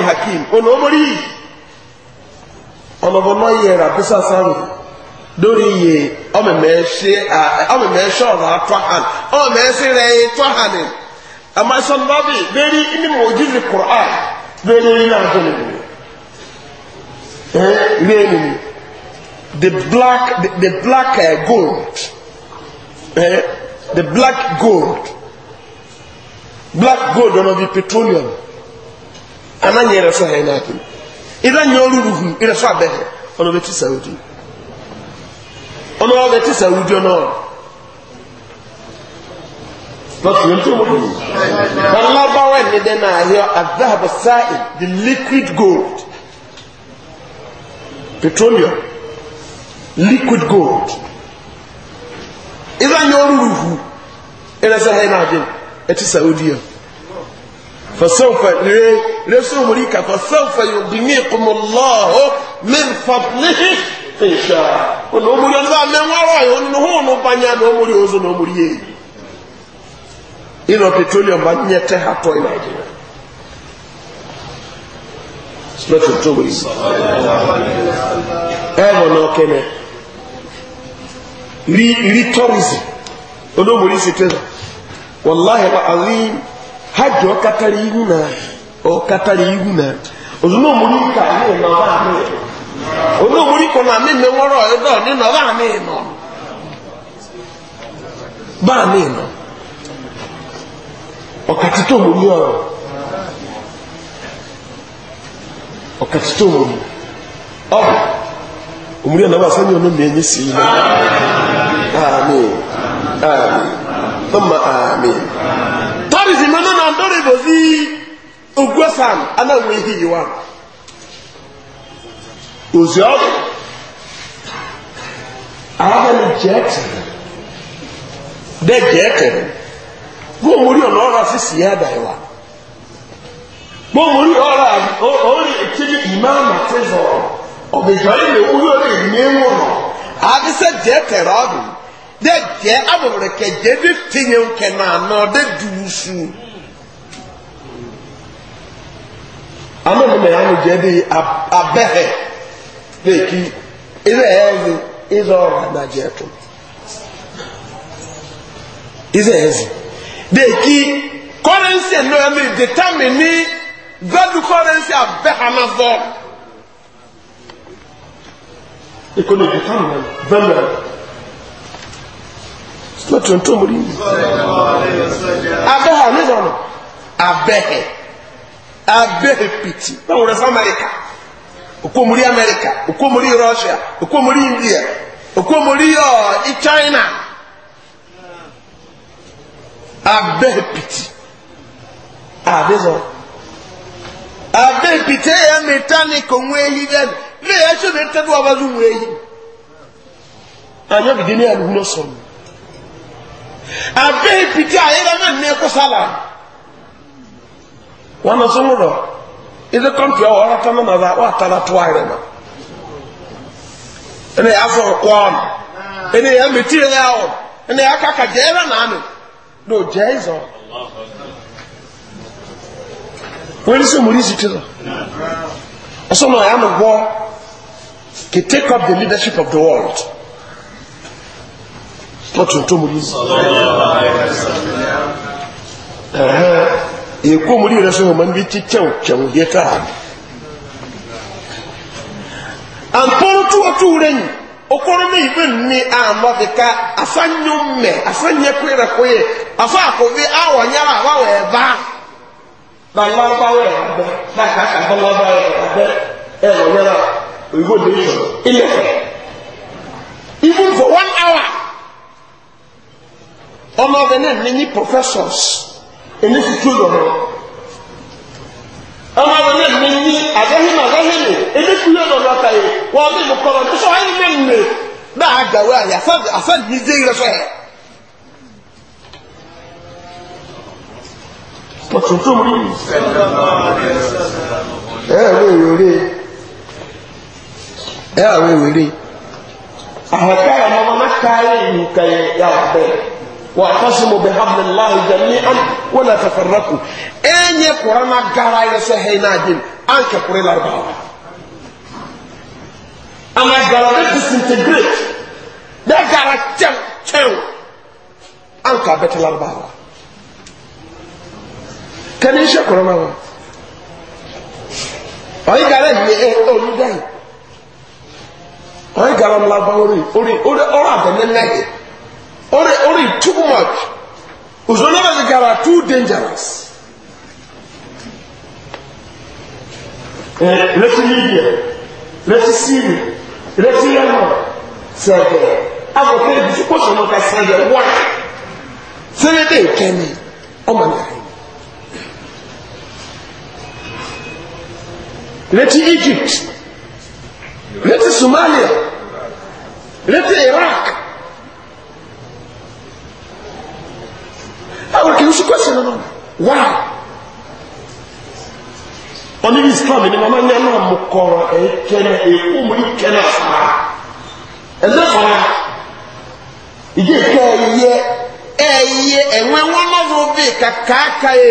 hakim ono muri ono bo no ye ra bisa saru dori ye o me me se o me me so ra to han o me se re to han ama so nabi beri ini mujiz qur'an beri ina to ne eh, the black, the, the black uh, gold, eh, the black gold, black gold on the petroleum, ananyere so hen atin. Ira nyoruruhu, ira so abehe, ono beti Saudi. Ono beti Saudi ono. Not you too. But now, when they are here, at the Habasai, the liquid gold petroleum liquid gold ìdá yóò rúru hu ẹlẹsẹ náà náà dín ẹtí saudi yẹn fasawufa rẹ rẹ sọ wọn ika fasawufa yóò bí mi kùmù lọ́hó mi fàbílì fèsà ọ̀nà òmùrí ọ̀nà bá mẹ́wàá yóò nínú hó ọ̀nà bányá ní òmùrí ọ̀zọ́ ní òmùrí yẹn ìnà petroleum bá nyẹ tẹ́ ha tọ́ ìlà jẹ́ sílẹ̀tù tó wòye ẹ̀wọ̀n na kẹ́mẹ́ rí tourism olóòwòrí sí tẹ́lẹ̀ wàláhẹ̀ bá àrí hajj ihu náà ọkátàrí ka náà olóòwòrí kà ní ọ̀nà ọ̀bá mi olóòwòrí kọ̀ náà mi mi wọ́rọ̀ ọ̀kàtútòmù ọ̀bù òmùrí ọ̀nà wà sẹ́yìn ọ̀nà mẹ́yìn sí ilẹ̀ àmín àmín ọmọ àmín tọ́rìsì mọ́nà náà lórí bò sí ogwẹ́sàn aláwọ̀ ihe yíwa òzì ọ̀dọ̀ arábẹ́ni jẹ́ẹ̀tì dẹ́ jẹ́ẹ̀tì bó òmùrí ọ̀nà ọ̀rọ̀ sí síyá dàíwá gbóhùn ọ̀rọ̀ orí ìtìlẹ̀ ìmáàmù ti zọ̀rọ̀ ọ̀bẹ̀jọ́ ilẹ̀ wúlò rẹ̀ níwọ̀n nọ. àdìsẹ́ jẹ́ tẹ̀rọ ọ̀dùn je jẹ́ abọ̀rẹ̀kẹ́ jẹ́ bí tìyẹ̀ nkẹ́ náà náà dẹ́ dùwùsù. amẹ́numẹ̀ yà ń jẹ́ bí value currency abẹ́ hama zọ. economic economy value láti ohun tó mú rí mi. abẹ́ ha ní ìyànà abẹ́ hẹ abẹ́ hẹ pìtì báwo rẹ fún amẹ́ríkà okó mú rí amẹ́ríkà okó mú russia okó mú rí india okó mú rí china abẹ́ hẹ pìtì abẹ́ abe pite ya meta ne ko wehi den le ya so ne tadu abazu wehi anya bi dini alu no so abe pite ayera na ne ko sala wana so ngoro ile kom pia wa rata maza wa tala to ayere na ene ya so ko ene ya meti ya o ene ya kaka jera na ame do jaizo allah wọ́n sọ mo rí sí tí lọ ọsọ take up the leadership of the world lọ́tún tó mo rí sí. èkó mo rí rẹ sọ ma níbi tí tẹ̀wọ̀ tẹ̀wọ̀ yẹ ká. àǹpọ̀rọ̀ tó o tó rẹ̀ yìí okoro ne yi a mɔ afa nyomɛ a bàbá báwọ̀ ẹ̀ abẹ́ bàbá kàkà bàbá ẹ̀ abẹ́ ẹ̀ wọ̀ yẹra òyìnbó lè ilé fẹ̀. even for one hour ọmọ ọbẹ náà ní ní professors ẹni tuntun lọ́rọ́ ọmọ ọbẹ náà ní ní àgẹ́hìnmá àgẹ́hìnmí ẹni tuntun lọ́rọ́ kàyé wọ́n bí mo kọ́ ọ sọ ẹni mẹ́rin mi náà àyè àfẹ́ àfẹ́ nìyí dé yìí rẹ fẹ́. ọ̀túntún mú yìí. ẹ àwọn èrè ẹ àwọn èrè àhẹ̀ká yà máa máa káyé nǹkan yẹn yà wà bẹ́ẹ̀ wà á tọ́sí mo bẹ hàbí láàyè jẹ ní àn wọn náà fẹ́ fẹ́rẹ́ kù ẹ ń kura náà gara yẹ sẹ hẹ́ náà dé à ń kẹ kure lárúbá wa. àmà gara bẹ disintegrate bẹ gara tẹw tẹw à ń kà bẹ tẹ lárúbá wa tẹni iṣẹ́ kọ̀rọ̀ máa wọn ọ̀yí gara yìí olú dáhùn ọ̀yí gara ńlá bá orí orí orí ọ̀rọ̀ àbẹ̀lẹ́lẹ́gẹ̀ orí orí too much òṣèlú náà ti gara too dangerous. lẹ́tí lídìẹ̀ lẹ́tí síìmù lẹ́tí yẹnu sẹ̀gẹ̀ àgbọ̀kẹ́ ìdíjú kó sọ̀rọ̀ ká sẹ̀gẹ̀ wọ́n sẹ́yẹ́dẹ̀ kẹ́ni ọmọ náà. leti egypt leti somalia leti iraq awọn kìí sọ kwẹsẹ nínú wáá ọdún islam ni mama ní ẹnu àmukọrọ ẹkẹrẹ èkó mu ìkẹrẹ fara ẹsẹ fara ìdí ìkẹ ẹyẹ ẹyẹ ẹwọn ẹwọn náà ló bẹ kàkàkà yẹ.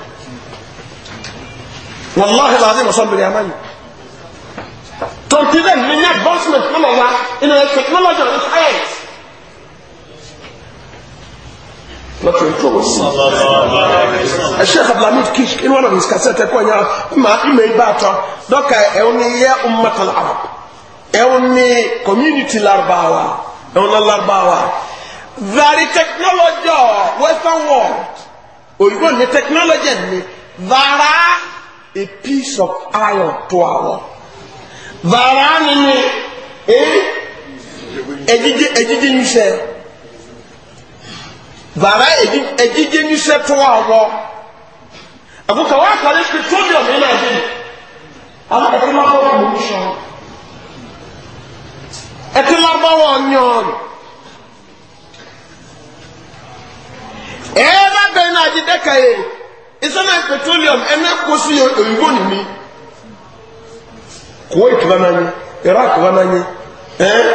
wàláhì làdí wọ́n sọ́nbìrì àmà yìí tonti dẹ ní ní advancement ní ọ̀la in a technology of science. lọ́tọ̀ ètò ọ̀rọ̀ sí i ẹ̀ṣẹ́ abdulhamid kish inú ọ̀nà ìsìkà sẹ́tẹ̀ kọ́ ẹ̀yà mà ìmẹ̀ ibà àtọ́ dọ́kà ẹ̀hún ni yẹ ummatan arab ẹ̀hún ni community larubawa ẹ̀hún ni larubawa very technology western world òyìnbó ni technology ni a piece of iron to awọ vara nínú e? ejije ejije nyusẹ vara ejije nyusẹ to awọ àbúkà wà kàlẹ́ petroleum ní nàìjíríà àwọn ẹ̀kọ́ máa bọ̀ wọ́n sọ ẹ̀kọ́ máa bọ̀ wọ́n yàn ẹ̀ẹ́dá bẹ́ẹ̀ náà jí dẹ́ka yẹn isana petroleum ɛna kosi oyinbo nini kuwait ba nanyi iraq ba nanyi ɛɛ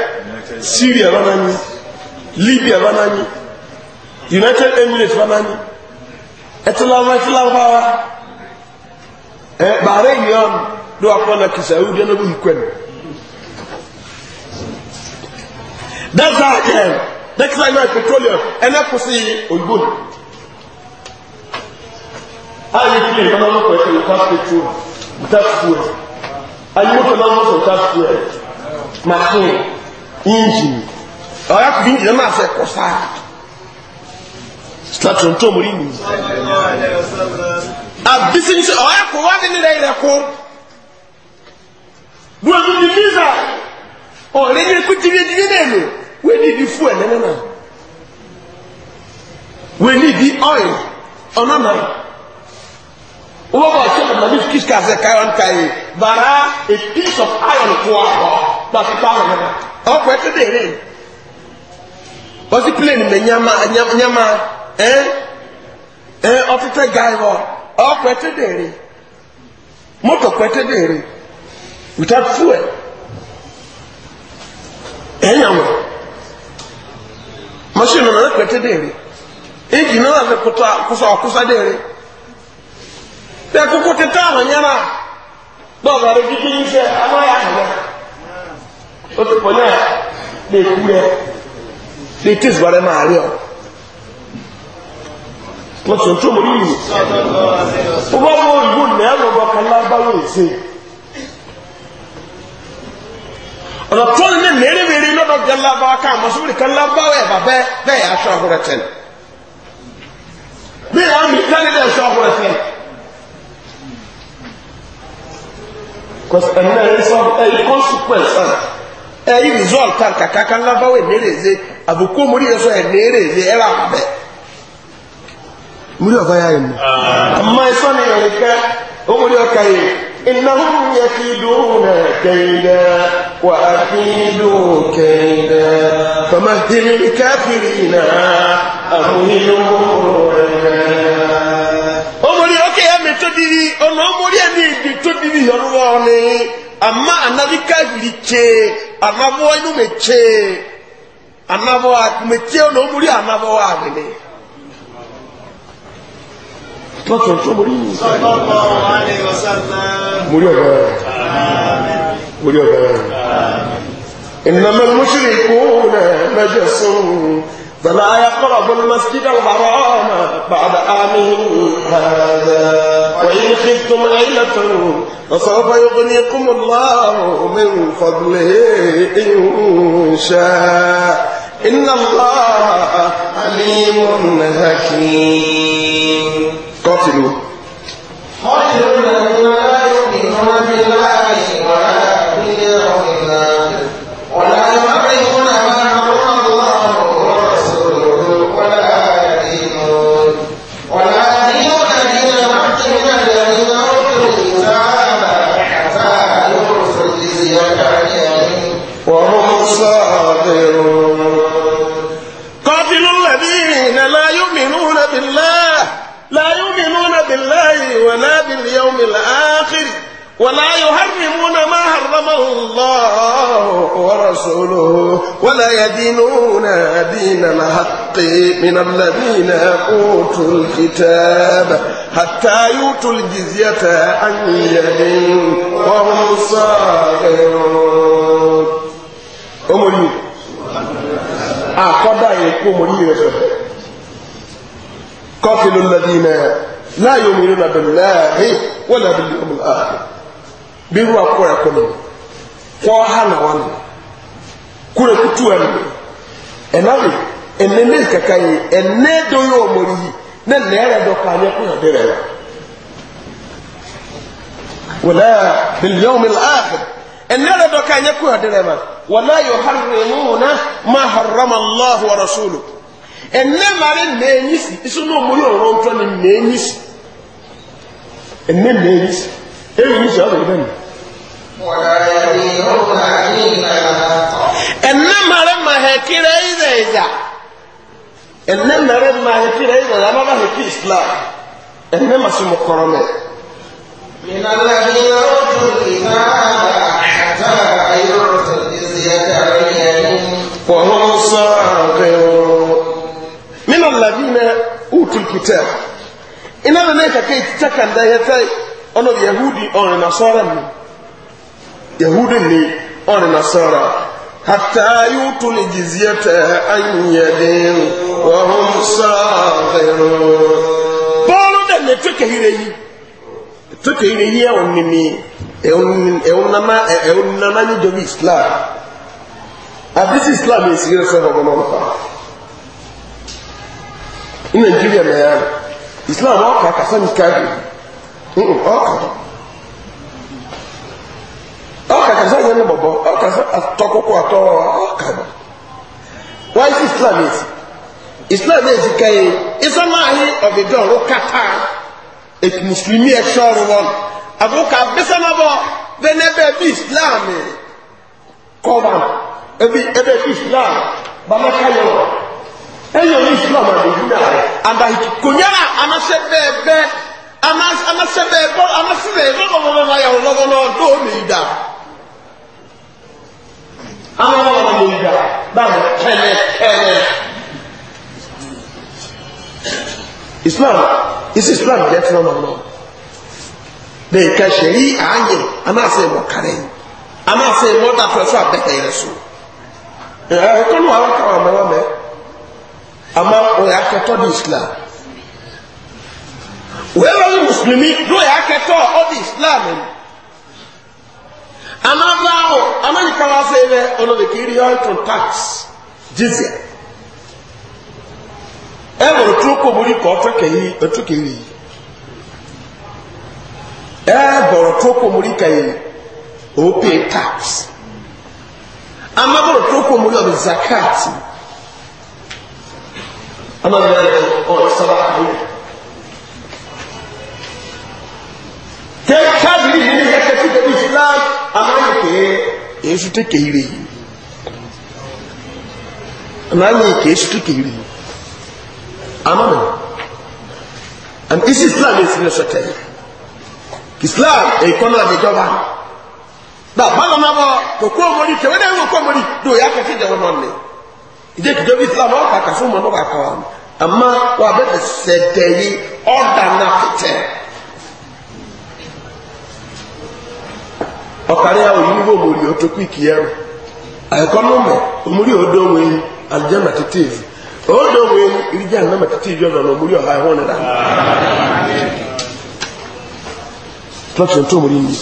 syria ba nanyi libya ba nanyi united emirates ba nanyi ɛtilawa ɛtilawa wa ɛɛ bahrain yɔn do akɔna kisa ewu diɛ n'obu hikwɛn that's how it end that's how it end petroleum ɛna kosi oyinbo nini. How you feel? Come on, look at you. That's the truth. That's good. Are you looking at us? That's good. Machine, engine. I have been in a set of fire. Start on Tom Rini. I've been saying, I have to walk in the day. Do I need the visa? Oh, let me put it in We need the fuel. We need the oil. Oh, no, no. wọ́n bọ̀ ṣe bàbá bí kí ṣe káyọ̀ bara a piece of iron kó a kọ́ pàṣẹ pàrọ̀ náà ọkọ̀ ẹ̀ tó dé rè wọ́n sì plane mẹ́ nyama nyama ẹ́ ẹ́ ọ̀tútẹ́ guy wọ ọkọ̀ ẹ̀ tó dé rè mọ́tò without fuel ẹ̀yàn eh, wọ̀ machine náà na tó dé rè engine náà ẹ̀ kó kusa kusa dé rè. tẹkoko tete teta nyana bọọlù ọdún kíkí yìí sẹ anọghị yà ahọ yẹn o ti pọ náà lè ku yẹ lè ọ wọn tún tún mọ yìí o bá wọ ìlú nìyà lọbọ na báwo èsè ọ̀nà tó ní mèremère lọ́dọ̀ ka aṣọ àhọrẹ̀ Because and there is some a consequence and a result kan kaka kan la bawe nereze abuko muri yeso e nereze era be. Muri ofa ya yin. Ah. Amma eso ni yorika o muri oka yi innahum yakiduna kayda wa akidu kayda famahil kafirina amhilhum diri ọ̀nà ọmọdé ẹni èdè tó diri yọrùwọ́ ni ama ànáríkà yìí tse ànábọ́ inú mi tse ànábọ́ mi tse ọ̀nà ọmọdé ànábọ́ wa nìyẹn. Tọ́tọ̀ tó mo rí yìí. Sọ́kọ́ mọ̀ wá ní ọ̀sán náà. Mo rí ọ̀gá rẹ̀. Mo فلا يقرب المسجد الحرام بعد عامهم هذا وإن خفتم عيلة فسوف يغنيكم الله من فضله إن شاء إن الله عليم حكيم قاتلوا قاتلوا الذين لا يؤمنون بالله ولا يحرمون ما حرمه الله ورسوله ولا يدينون دين الحق من الذين أوتوا الكتاب حتى يؤتوا الجزية عن يد وهم صاغرون أمري أقضى آه، يكون قاتل الذين لا يؤمنون بالله ولا باليوم الآخر biru akɔ ɛkɔ no kɔɔha na wa no kura kutuwa no ɛnawe ɛnɛ ne kaka yi ɛnɛ do yɛ ɔmɔri yi na nɛɛrɛ dɔ paa nyɛ kuna de rɛra wala biliyɔn mi laahi ɛnɛɛrɛ dɔ kaa nyɛ kuna de rɛra wala yɔ harimu na ma harama allah wa rasulu ɛnɛ mari nɛɛnyisi isu n'ɔmɔri ɔrɔntɔ ni nɛɛnyisi ɛnɛ nɛɛnyisi èyí ní sọ́dọ̀ ibẹ̀ ni. ẹ̀nà màrẹ́ mà hẹ̀ kíra ìzẹ̀ ìzà ẹ̀nà màrẹ́ mà hẹ̀ kíra ìzẹ̀ ìzà bàbá hẹ̀ kí islam ẹ̀nà mà sí mu kọ́rọ́ mẹ́. وهم صاغرون من الذين اوتوا الكتاب إنما نيكا كي تتكن ده يتاي ọ̀nà yahudi ọ̀rìn nasara mu yahudi ni ọ̀rìn nasara hata yutu ni jiziyata anyadin wahum saafiru. bọ́ọ̀lù dẹ̀ ní ètò kẹhìrẹ yìí ètò kẹhìrẹ yìí ẹ̀wọ̀n mímí ẹ̀wọ̀n nana ẹ̀wọ̀n nana ní jọ̀bí islam àbísí islam yìí sì yẹn sọ̀rọ̀ ọ̀gbọ̀n ọ̀fà ní nàìjíríà mẹ́yà islam ọ̀kà kásán káàkiri ọkà kàtà yẹn ní bọ̀bọ̀ ọkà tọkọkọ àtọ ọkà bọ̀ why is islam is islam is kẹyìn isamahi of idan ló kàtà ètò mùsùlùmí ẹ̀ṣọ́ ọ̀rọ̀ wọn àbúkà bísọ̀nàbọ̀ bẹ́nẹ́bẹ́ bí islam kọ́ba ẹbí ẹbẹ́ bí islam bàbá káyọ̀ ẹ̀yọ̀ ní islam àdéhùn náà àbàkù kò nyẹ́ra àmàṣẹ́ bẹ́ẹ̀ bẹ́ẹ̀ anasebe anasebe lọlọlọlọ ya lọlọlọ do mi da anamọlọ mi da báwo kẹlẹ kẹlẹ. islam isi islam jẹ fún ọmọ náà bẹẹ ká ṣẹlí ààyè anáṣẹ ìwọ kárẹ yìí anáṣẹ ìwọ dàpẹ fún abẹkẹ yẹn so ẹ ẹ kọ́nù àwọn kàwọn ọmọ wọn mẹ àmọ òyà kẹtọ́ di islam wíwọ́n ní mùsùlùmí ló yà á kẹtọ́ ọdún islam ni amáfáwò amáyíkáwá sí ilẹ̀ olóbìkiri ọ̀tún tax jizia ẹ wọ̀ tún kò mórí kọ́ ọtún kẹyì ọtún kẹyì ẹ bọ̀rọ̀ tún kò mórí kẹyì òpè tax amábọ̀rọ̀ tún kò mórí ọ̀bẹ zakat amáyíkáwá ọ̀rọ̀ sábà kúrò. tẹ kábìrì yìí ní ẹsẹ̀ tí tẹ̀lé islam àmàlù pé èsù tó kéyìrè yìí àmàlù pé èsù tó kéyìrè yìí àmàlù and this islam is in ẹsẹ̀ tẹ̀lé islam èkó náà àdéjọba na bàbá náà bọ̀ kò kú ọmọdé tẹ̀wé náà yóò kú ọmọdé ní òyà kẹfì jẹun náà ni ìdí ìkìjọba islam ọ̀ kàkà fún ọmọdé wà kọ́ àmà wà bẹ́ẹ̀ sẹ̀tẹ̀ yìí ọ̀dà náà fìtẹ̀. ọkàrí àwọn yìí nígbà òmùrì òtòkù ìkìyàrá àìkọ́nọ́mọ̀ òmùrì òdo òmùrì àlùjáná tètè èzì òdo òmùrì ìrìjà àlùjáná tètè èzì ọ̀nà òmùrì ọ̀hà ẹ̀họ́n nìlá. tọ́tù tó òmùrì yìí.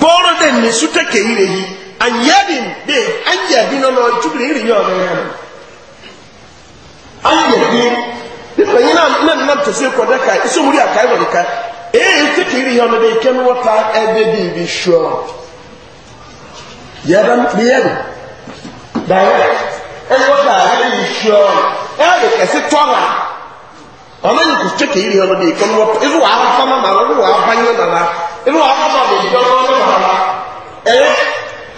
pọ́ọ́rọ́ dẹ̀ ní sútẹ́kẹ̀ yìí rẹ̀ yìí ànyẹ́bìn dẹ̀ ànyẹ́bìn náà jùbìlì ìrìn yọ̀ ọ̀rẹ́ yẹn. ànyẹ́bìn nípa yín náà ee sikiri yɛ no de ike no wɔta ɛbɛ bi bi sure yɛbɛ deɛ no direct ɛni wɔta ɛbɛ bi sure ɛyɛ kɛse tɔla ɔno yɛ kò sikiri yɛ no de ike no wɔta ɛnu wà afa ma ma ɛnu wà afa nyɛ nana ɛnu wà afa ma de ike no wɔta nana ɛyɛ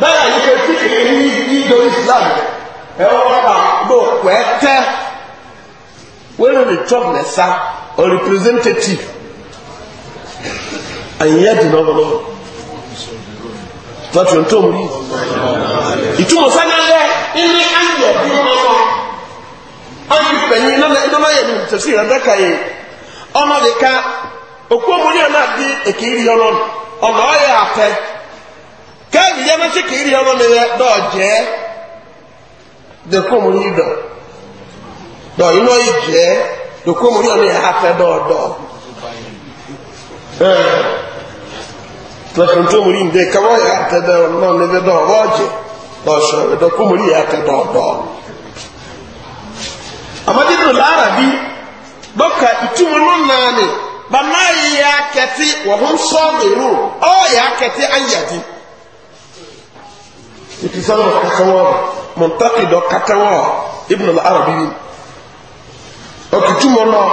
bɛyɛ yɛ kɛ sikiri yɛ yi do islam ɛwɔ wɔta do kɔɛ tɛ wɔn yɛ no de tɔm na sa ɔ representative àyíyá dìnnà wọn lọ́wọ́ tọ́tù tó mú rí ìtumọ̀ sánálẹ̀ ilé ayọ̀ bí ọmọ ọmọ ìpẹ̀yìn iná yẹ̀ ní ìtẹ̀sí ìrẹ́dẹ́ka yìí ọmọ nìka òkú ọmọ ní ọ̀nà àbí èkè ìrì ọlọ́n ọ̀nà ọ̀yà àfẹ́ káàbì yẹn mẹ́tí kè ìrì ọlọ́n rẹ̀ dọ̀jẹ́ dẹ̀kọ́ ọmọ ní ìdọ̀ dọ̀ iná ìjẹ́ dẹ̀kọ́ ọmọ ní ọ̀nà àfẹ́ dọ̀ọ̀dọ̀ọ̀ tẹ̀sán tó mú rí ndé káwọ́ yà àtẹ̀dẹ̀ náà níbi dọ̀ ọ̀rọ̀ ọ̀jẹ̀ lọ́sọ̀ ẹ̀dọ̀ kó mú rí yà àtẹ̀dẹ̀ ọ̀dọ̀. àmọ́jẹ́dọ̀ lára bí dọ́kà ìtumọ̀ náà ni bàmá yà kẹtì wọ̀hún sọ́ọ̀mẹ̀rù ọ̀ yà kẹtì ayàdì. ìtìsánwó kàtàwọ̀ mọ̀ntàkì dọ̀ kàtàwọ̀ ibùdó lára bí ọ̀kìtumọ̀ náà.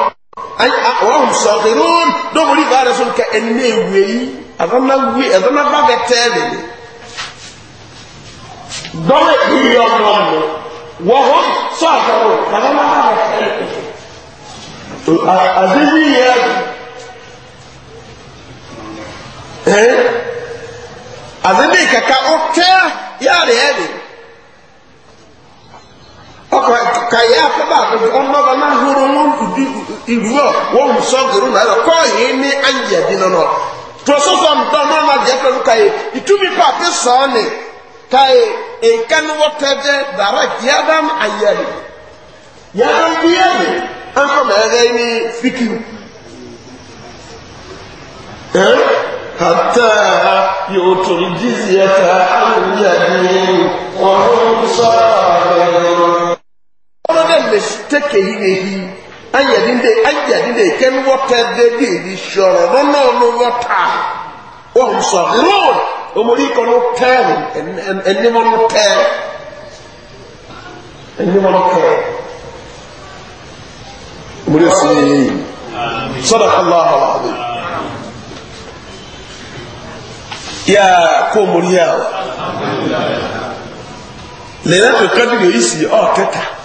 wahum sɔgirun dɔwɔli baara sɔn ka ɛnɛ wei azana wei azana ba bɛ tɛɛri dɔwɛ yiyɔ nɔmu wahum sɔgirun azana ba bɛ tɛɛri azizi yɛ ɛn azizi kaka o tɛ yaari yɛ de. ọkọ̀ kàyé afẹ́bà ọmọba náà hóró wọn ìlú ọ̀ wọ́n sọ gẹ̀rú náà lọ kọ́ yìí ní ayé bí nínú tòṣòṣò ntọ́ náà náà jẹ́ pẹ̀lú kàyé ìtumí pàpẹ́ sọ́ọ́ ni kàyé ìkànnìwọ́ tẹ́jẹ́ direct yàdám ayé mi yàdám bí yé mi ẹnkọ́ mẹ́rẹ́ ní fíkì ẹ́ hàtà yóò tó jíjìyà ta àwọn ìyàdí wọ́n sọ̀rọ̀ ɔno dɛ mɛsitɛkɛ yi na ehi ayɛde de ayɛde de kɛn wɔtɛ de de ebi sɔrɔ nɔnɔ no wɔta wɔn sɔ lɔɔre omori kɔ no tɛɛ ɛnimɔ no tɛɛ ɛnimɔ no tɛɛ omori esi yi sɔdɔ kala hala abe yaa kó omori yà wá lẹ́yìn tó kájú lè yí si ọ̀ kẹta.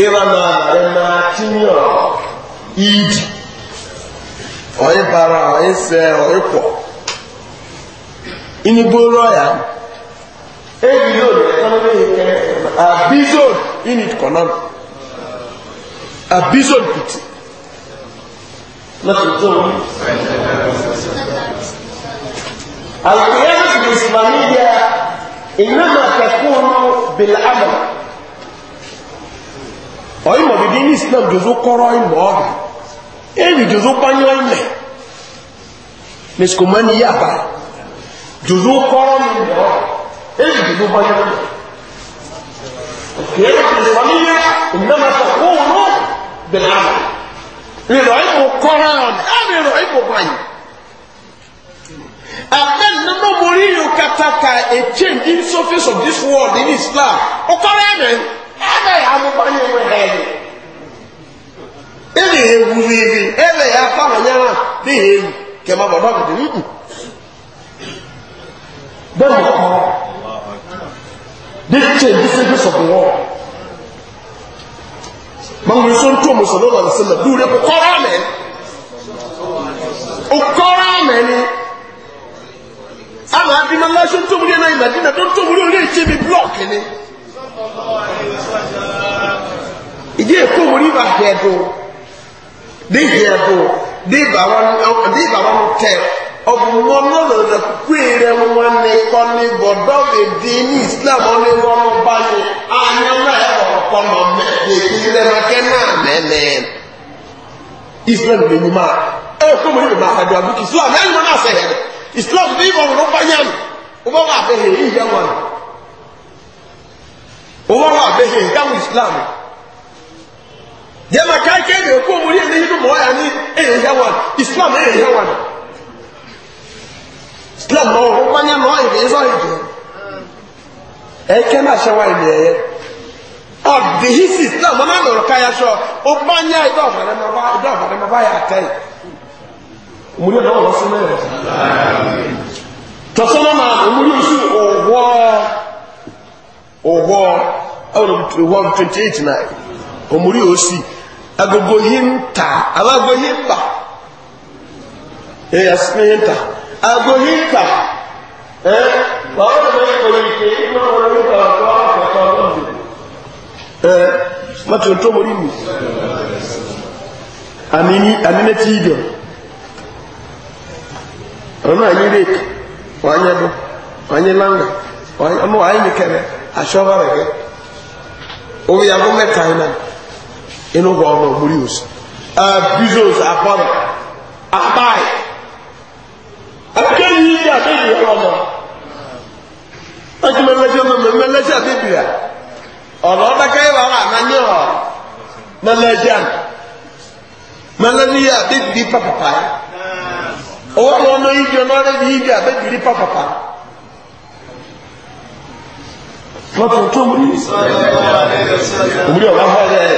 ịwa na tinye ọịbara ọịse ọịkwọ iniboro ya abizon init kọnọn abizon piti القيامة الإسلامية إنما تكون بالعمل ọ̀yìn mọ̀ ní islam jòzó kọ́rọ̀ ìmọ̀ ọ̀gá èyí jòzó bányọ́ ilẹ̀ mẹ́sìkòmọ́ ní yàbá jòzó kọ́rọ̀ ìmọ̀ ọ̀gá èyí jòzó bányọ́ ilẹ̀ kìí ṣe wàmíyá ìnáma sàkóòrò bẹ̀rẹ̀ àmà rírọ̀ ìmọ̀ kọ́rọ̀ àmà rírọ̀ ìmọ̀ báyìí abẹ́ nínú mọ̀rí yóò a change in surface of this world in islam ọkọ̀rọ̀ ẹ̀mẹ́ eh, ẹbẹ yà abúkọ ní ìwé hẹ ẹbí ebi he wu ebi ẹbẹ yà afa wọnyẹrẹ bi he wu kẹmẹ bọ dọkọ tó ndu bẹẹ mọ kọ this change this is of the world mọ̀nà sọ ntọ́ mọ̀ sọ̀rọ̀ lọ́nà sílẹ̀ dúró kọ́rọ́ mẹ́ ọkọ́rọ́ mẹ́ ni ama abinala sọ ntọ́ mu ní ẹ̀ náà ìmàdínà tó ntọ́ mu ni. ìdí èkó e e mo ní bá hẹ̀ẹ́dù ní hẹ̀ẹ́dù ní ìbàwọn tẹ ọzọ náà lọ́dọ̀ kúkú èrè wọn ní kọ́ ní ní islam ọ̀nà wọn bá ní anyọ́nà ẹ̀rọ ọ̀pọ̀nà mẹ́ẹ̀ẹ́dì ilẹ̀ náà islam lè ní máa èkó islam ẹ̀yìn wọn náà sẹ̀ hẹ̀ẹ́dù islam ní ìbọn bá wà islam. yẹma káàkiri ẹ̀dẹ̀ kó omori ẹni yìí mọ̀ ọ́yà ní ẹ̀yẹ yẹ wọn islam ẹ̀yẹ yẹ wọn islam mọ̀ ọ́ wọ́nyẹ mọ̀ ọ́yẹ̀ bẹ́ẹ̀ sọ́yẹ̀ jù ẹ̀kẹ́ náà ṣe wáyé ni ẹ̀yẹ ọ̀bìhí sí islam ọmọ àlọ́rọ̀ káyà sọ ọgbànyẹ ẹ̀dọ̀ ọ̀fàdé mọ̀ báyà tẹ̀ omori ọ̀dọ̀ ọ̀rọ̀ sí mẹ́rẹ̀ tọ́sọ́nà máa omori oṣù ọ̀wọ́ ọ̀wọ́ ọ̀rọ̀ twenty eight nine omori oṣù. agogo hinta aba agogo himba ee asime nta agogo hinta ee wàá wọlé bẹ́ẹ̀ kọ́ yìí ké iná wọlé ọrụ ọ̀tọ́ ọrụ ndụ ee mọ̀tò tó mọ̀rí mi àmìní àmìní tí ìjọ ọ̀nà àyè rèk wàá nyẹ langa wàá inú kọ ọmọ múrí òsì bizos àpọ̀nà àpáì akéyìí ní àbẹ́bí ọlọ́mọ ọjọ́ mẹ́lẹ́sí ọmọ mẹ́lẹ́sí àbẹ́bí rẹ̀ ọ̀rọ̀ ọ̀dọ́kẹ́ wà wà nányẹ́ ọ̀ mẹ́lẹ́sí àná mẹ́lẹ́sí àbẹ́bí pàpàpà owó àwọn ọmọ yìí jẹ́ ọ̀nà ọ̀rẹ́ yìí jẹ́ àbẹ́bí pàpàpà lọ́tún tó múrí múrí ọ̀gá fẹ́rẹ̀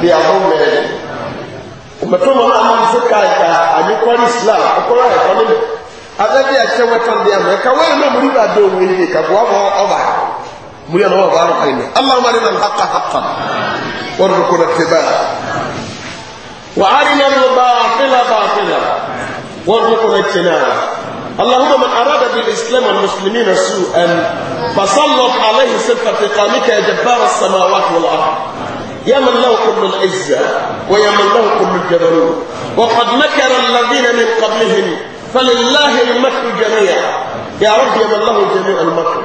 bí abọ́mẹ́ ọmọtún mọ́ náà mọ́ fẹ́ka ẹ̀ka àníkọ́rí islam ọkọ́rọ̀ ẹ̀kọ́ nílẹ̀ abẹ́bí ẹ̀ṣẹ́ wẹ́tàn bí ẹ̀mọ́ ẹ̀ka wẹ́yìn náà múrí bá dé òun yìí kàbọ̀ ọmọ ọba múrí ọ̀nà ọba ọba ẹ̀mẹ́ aláwọ̀ arìnà hàkà hàkà wọ́n rú kó rẹ̀ bá wà arìnà ló bá fẹ́lá bá fẹ́lá wọ́n rú kó rẹ̀ اللهم من أراد بالإسلام والمسلمين سوءا فسلط عليه سلف انتقامك يا جبار السماوات والأرض يا من له كل العزة ويا من له كل الجبروت وقد مكر الذين من قبلهم فلله المكر جميعا يا رب يا من له جميع المكر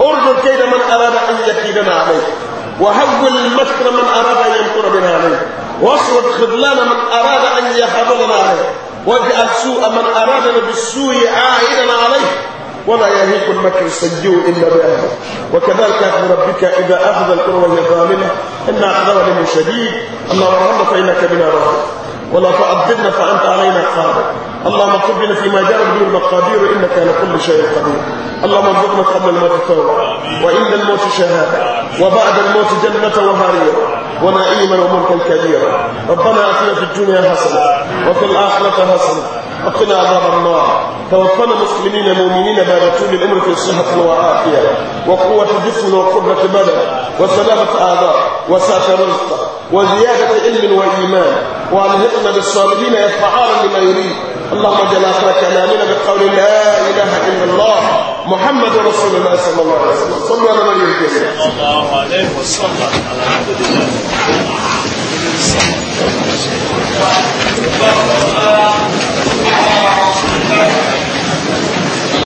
ارجو كيد من أراد أن يكيدنا عليه وهول المكر من أراد أن يمكر بنا عليه واصرد خذلان من أراد أن يخذلنا عليه واجعل سوء من أرادنا بالسوء عائدا عليه ولا يهيق المكر السيء إلا بأهله وكذلك أخذ ربك إذا أخذ القرى وهي ظالمة إن أخذها من شديد أما رحمة فإنك بنا رحمة ولا تعذبنا فأنت علينا قادر اللهم اكتب لنا فيما جرى به المقادير إنك على كل شيء قدير اللهم ارزقنا قبل الموت توبة وإن الموت شهادة وبعد الموت جنة وهريرة ونعيما وملكا كبيرا ربنا أتنا في الدنيا حسنة وفي الآخرة حسنة وقنا عذاب النار توفنا مسلمين مؤمنين بعد طول الأمر في صحة وعافية وقوة جسم وقرة بدن وسلامة اعذار وسعة رزق وزيادة علم وإيمان وأن والهقنا بالصالحين يفعالا لما يريد اللهم اجعل اخر كلامنا بقول لا اله الا الله محمد رسول الله صلى الله عليه وسلم صلى عليه وسلم صلى الله عليه وسلم صلى الله عليه وسلم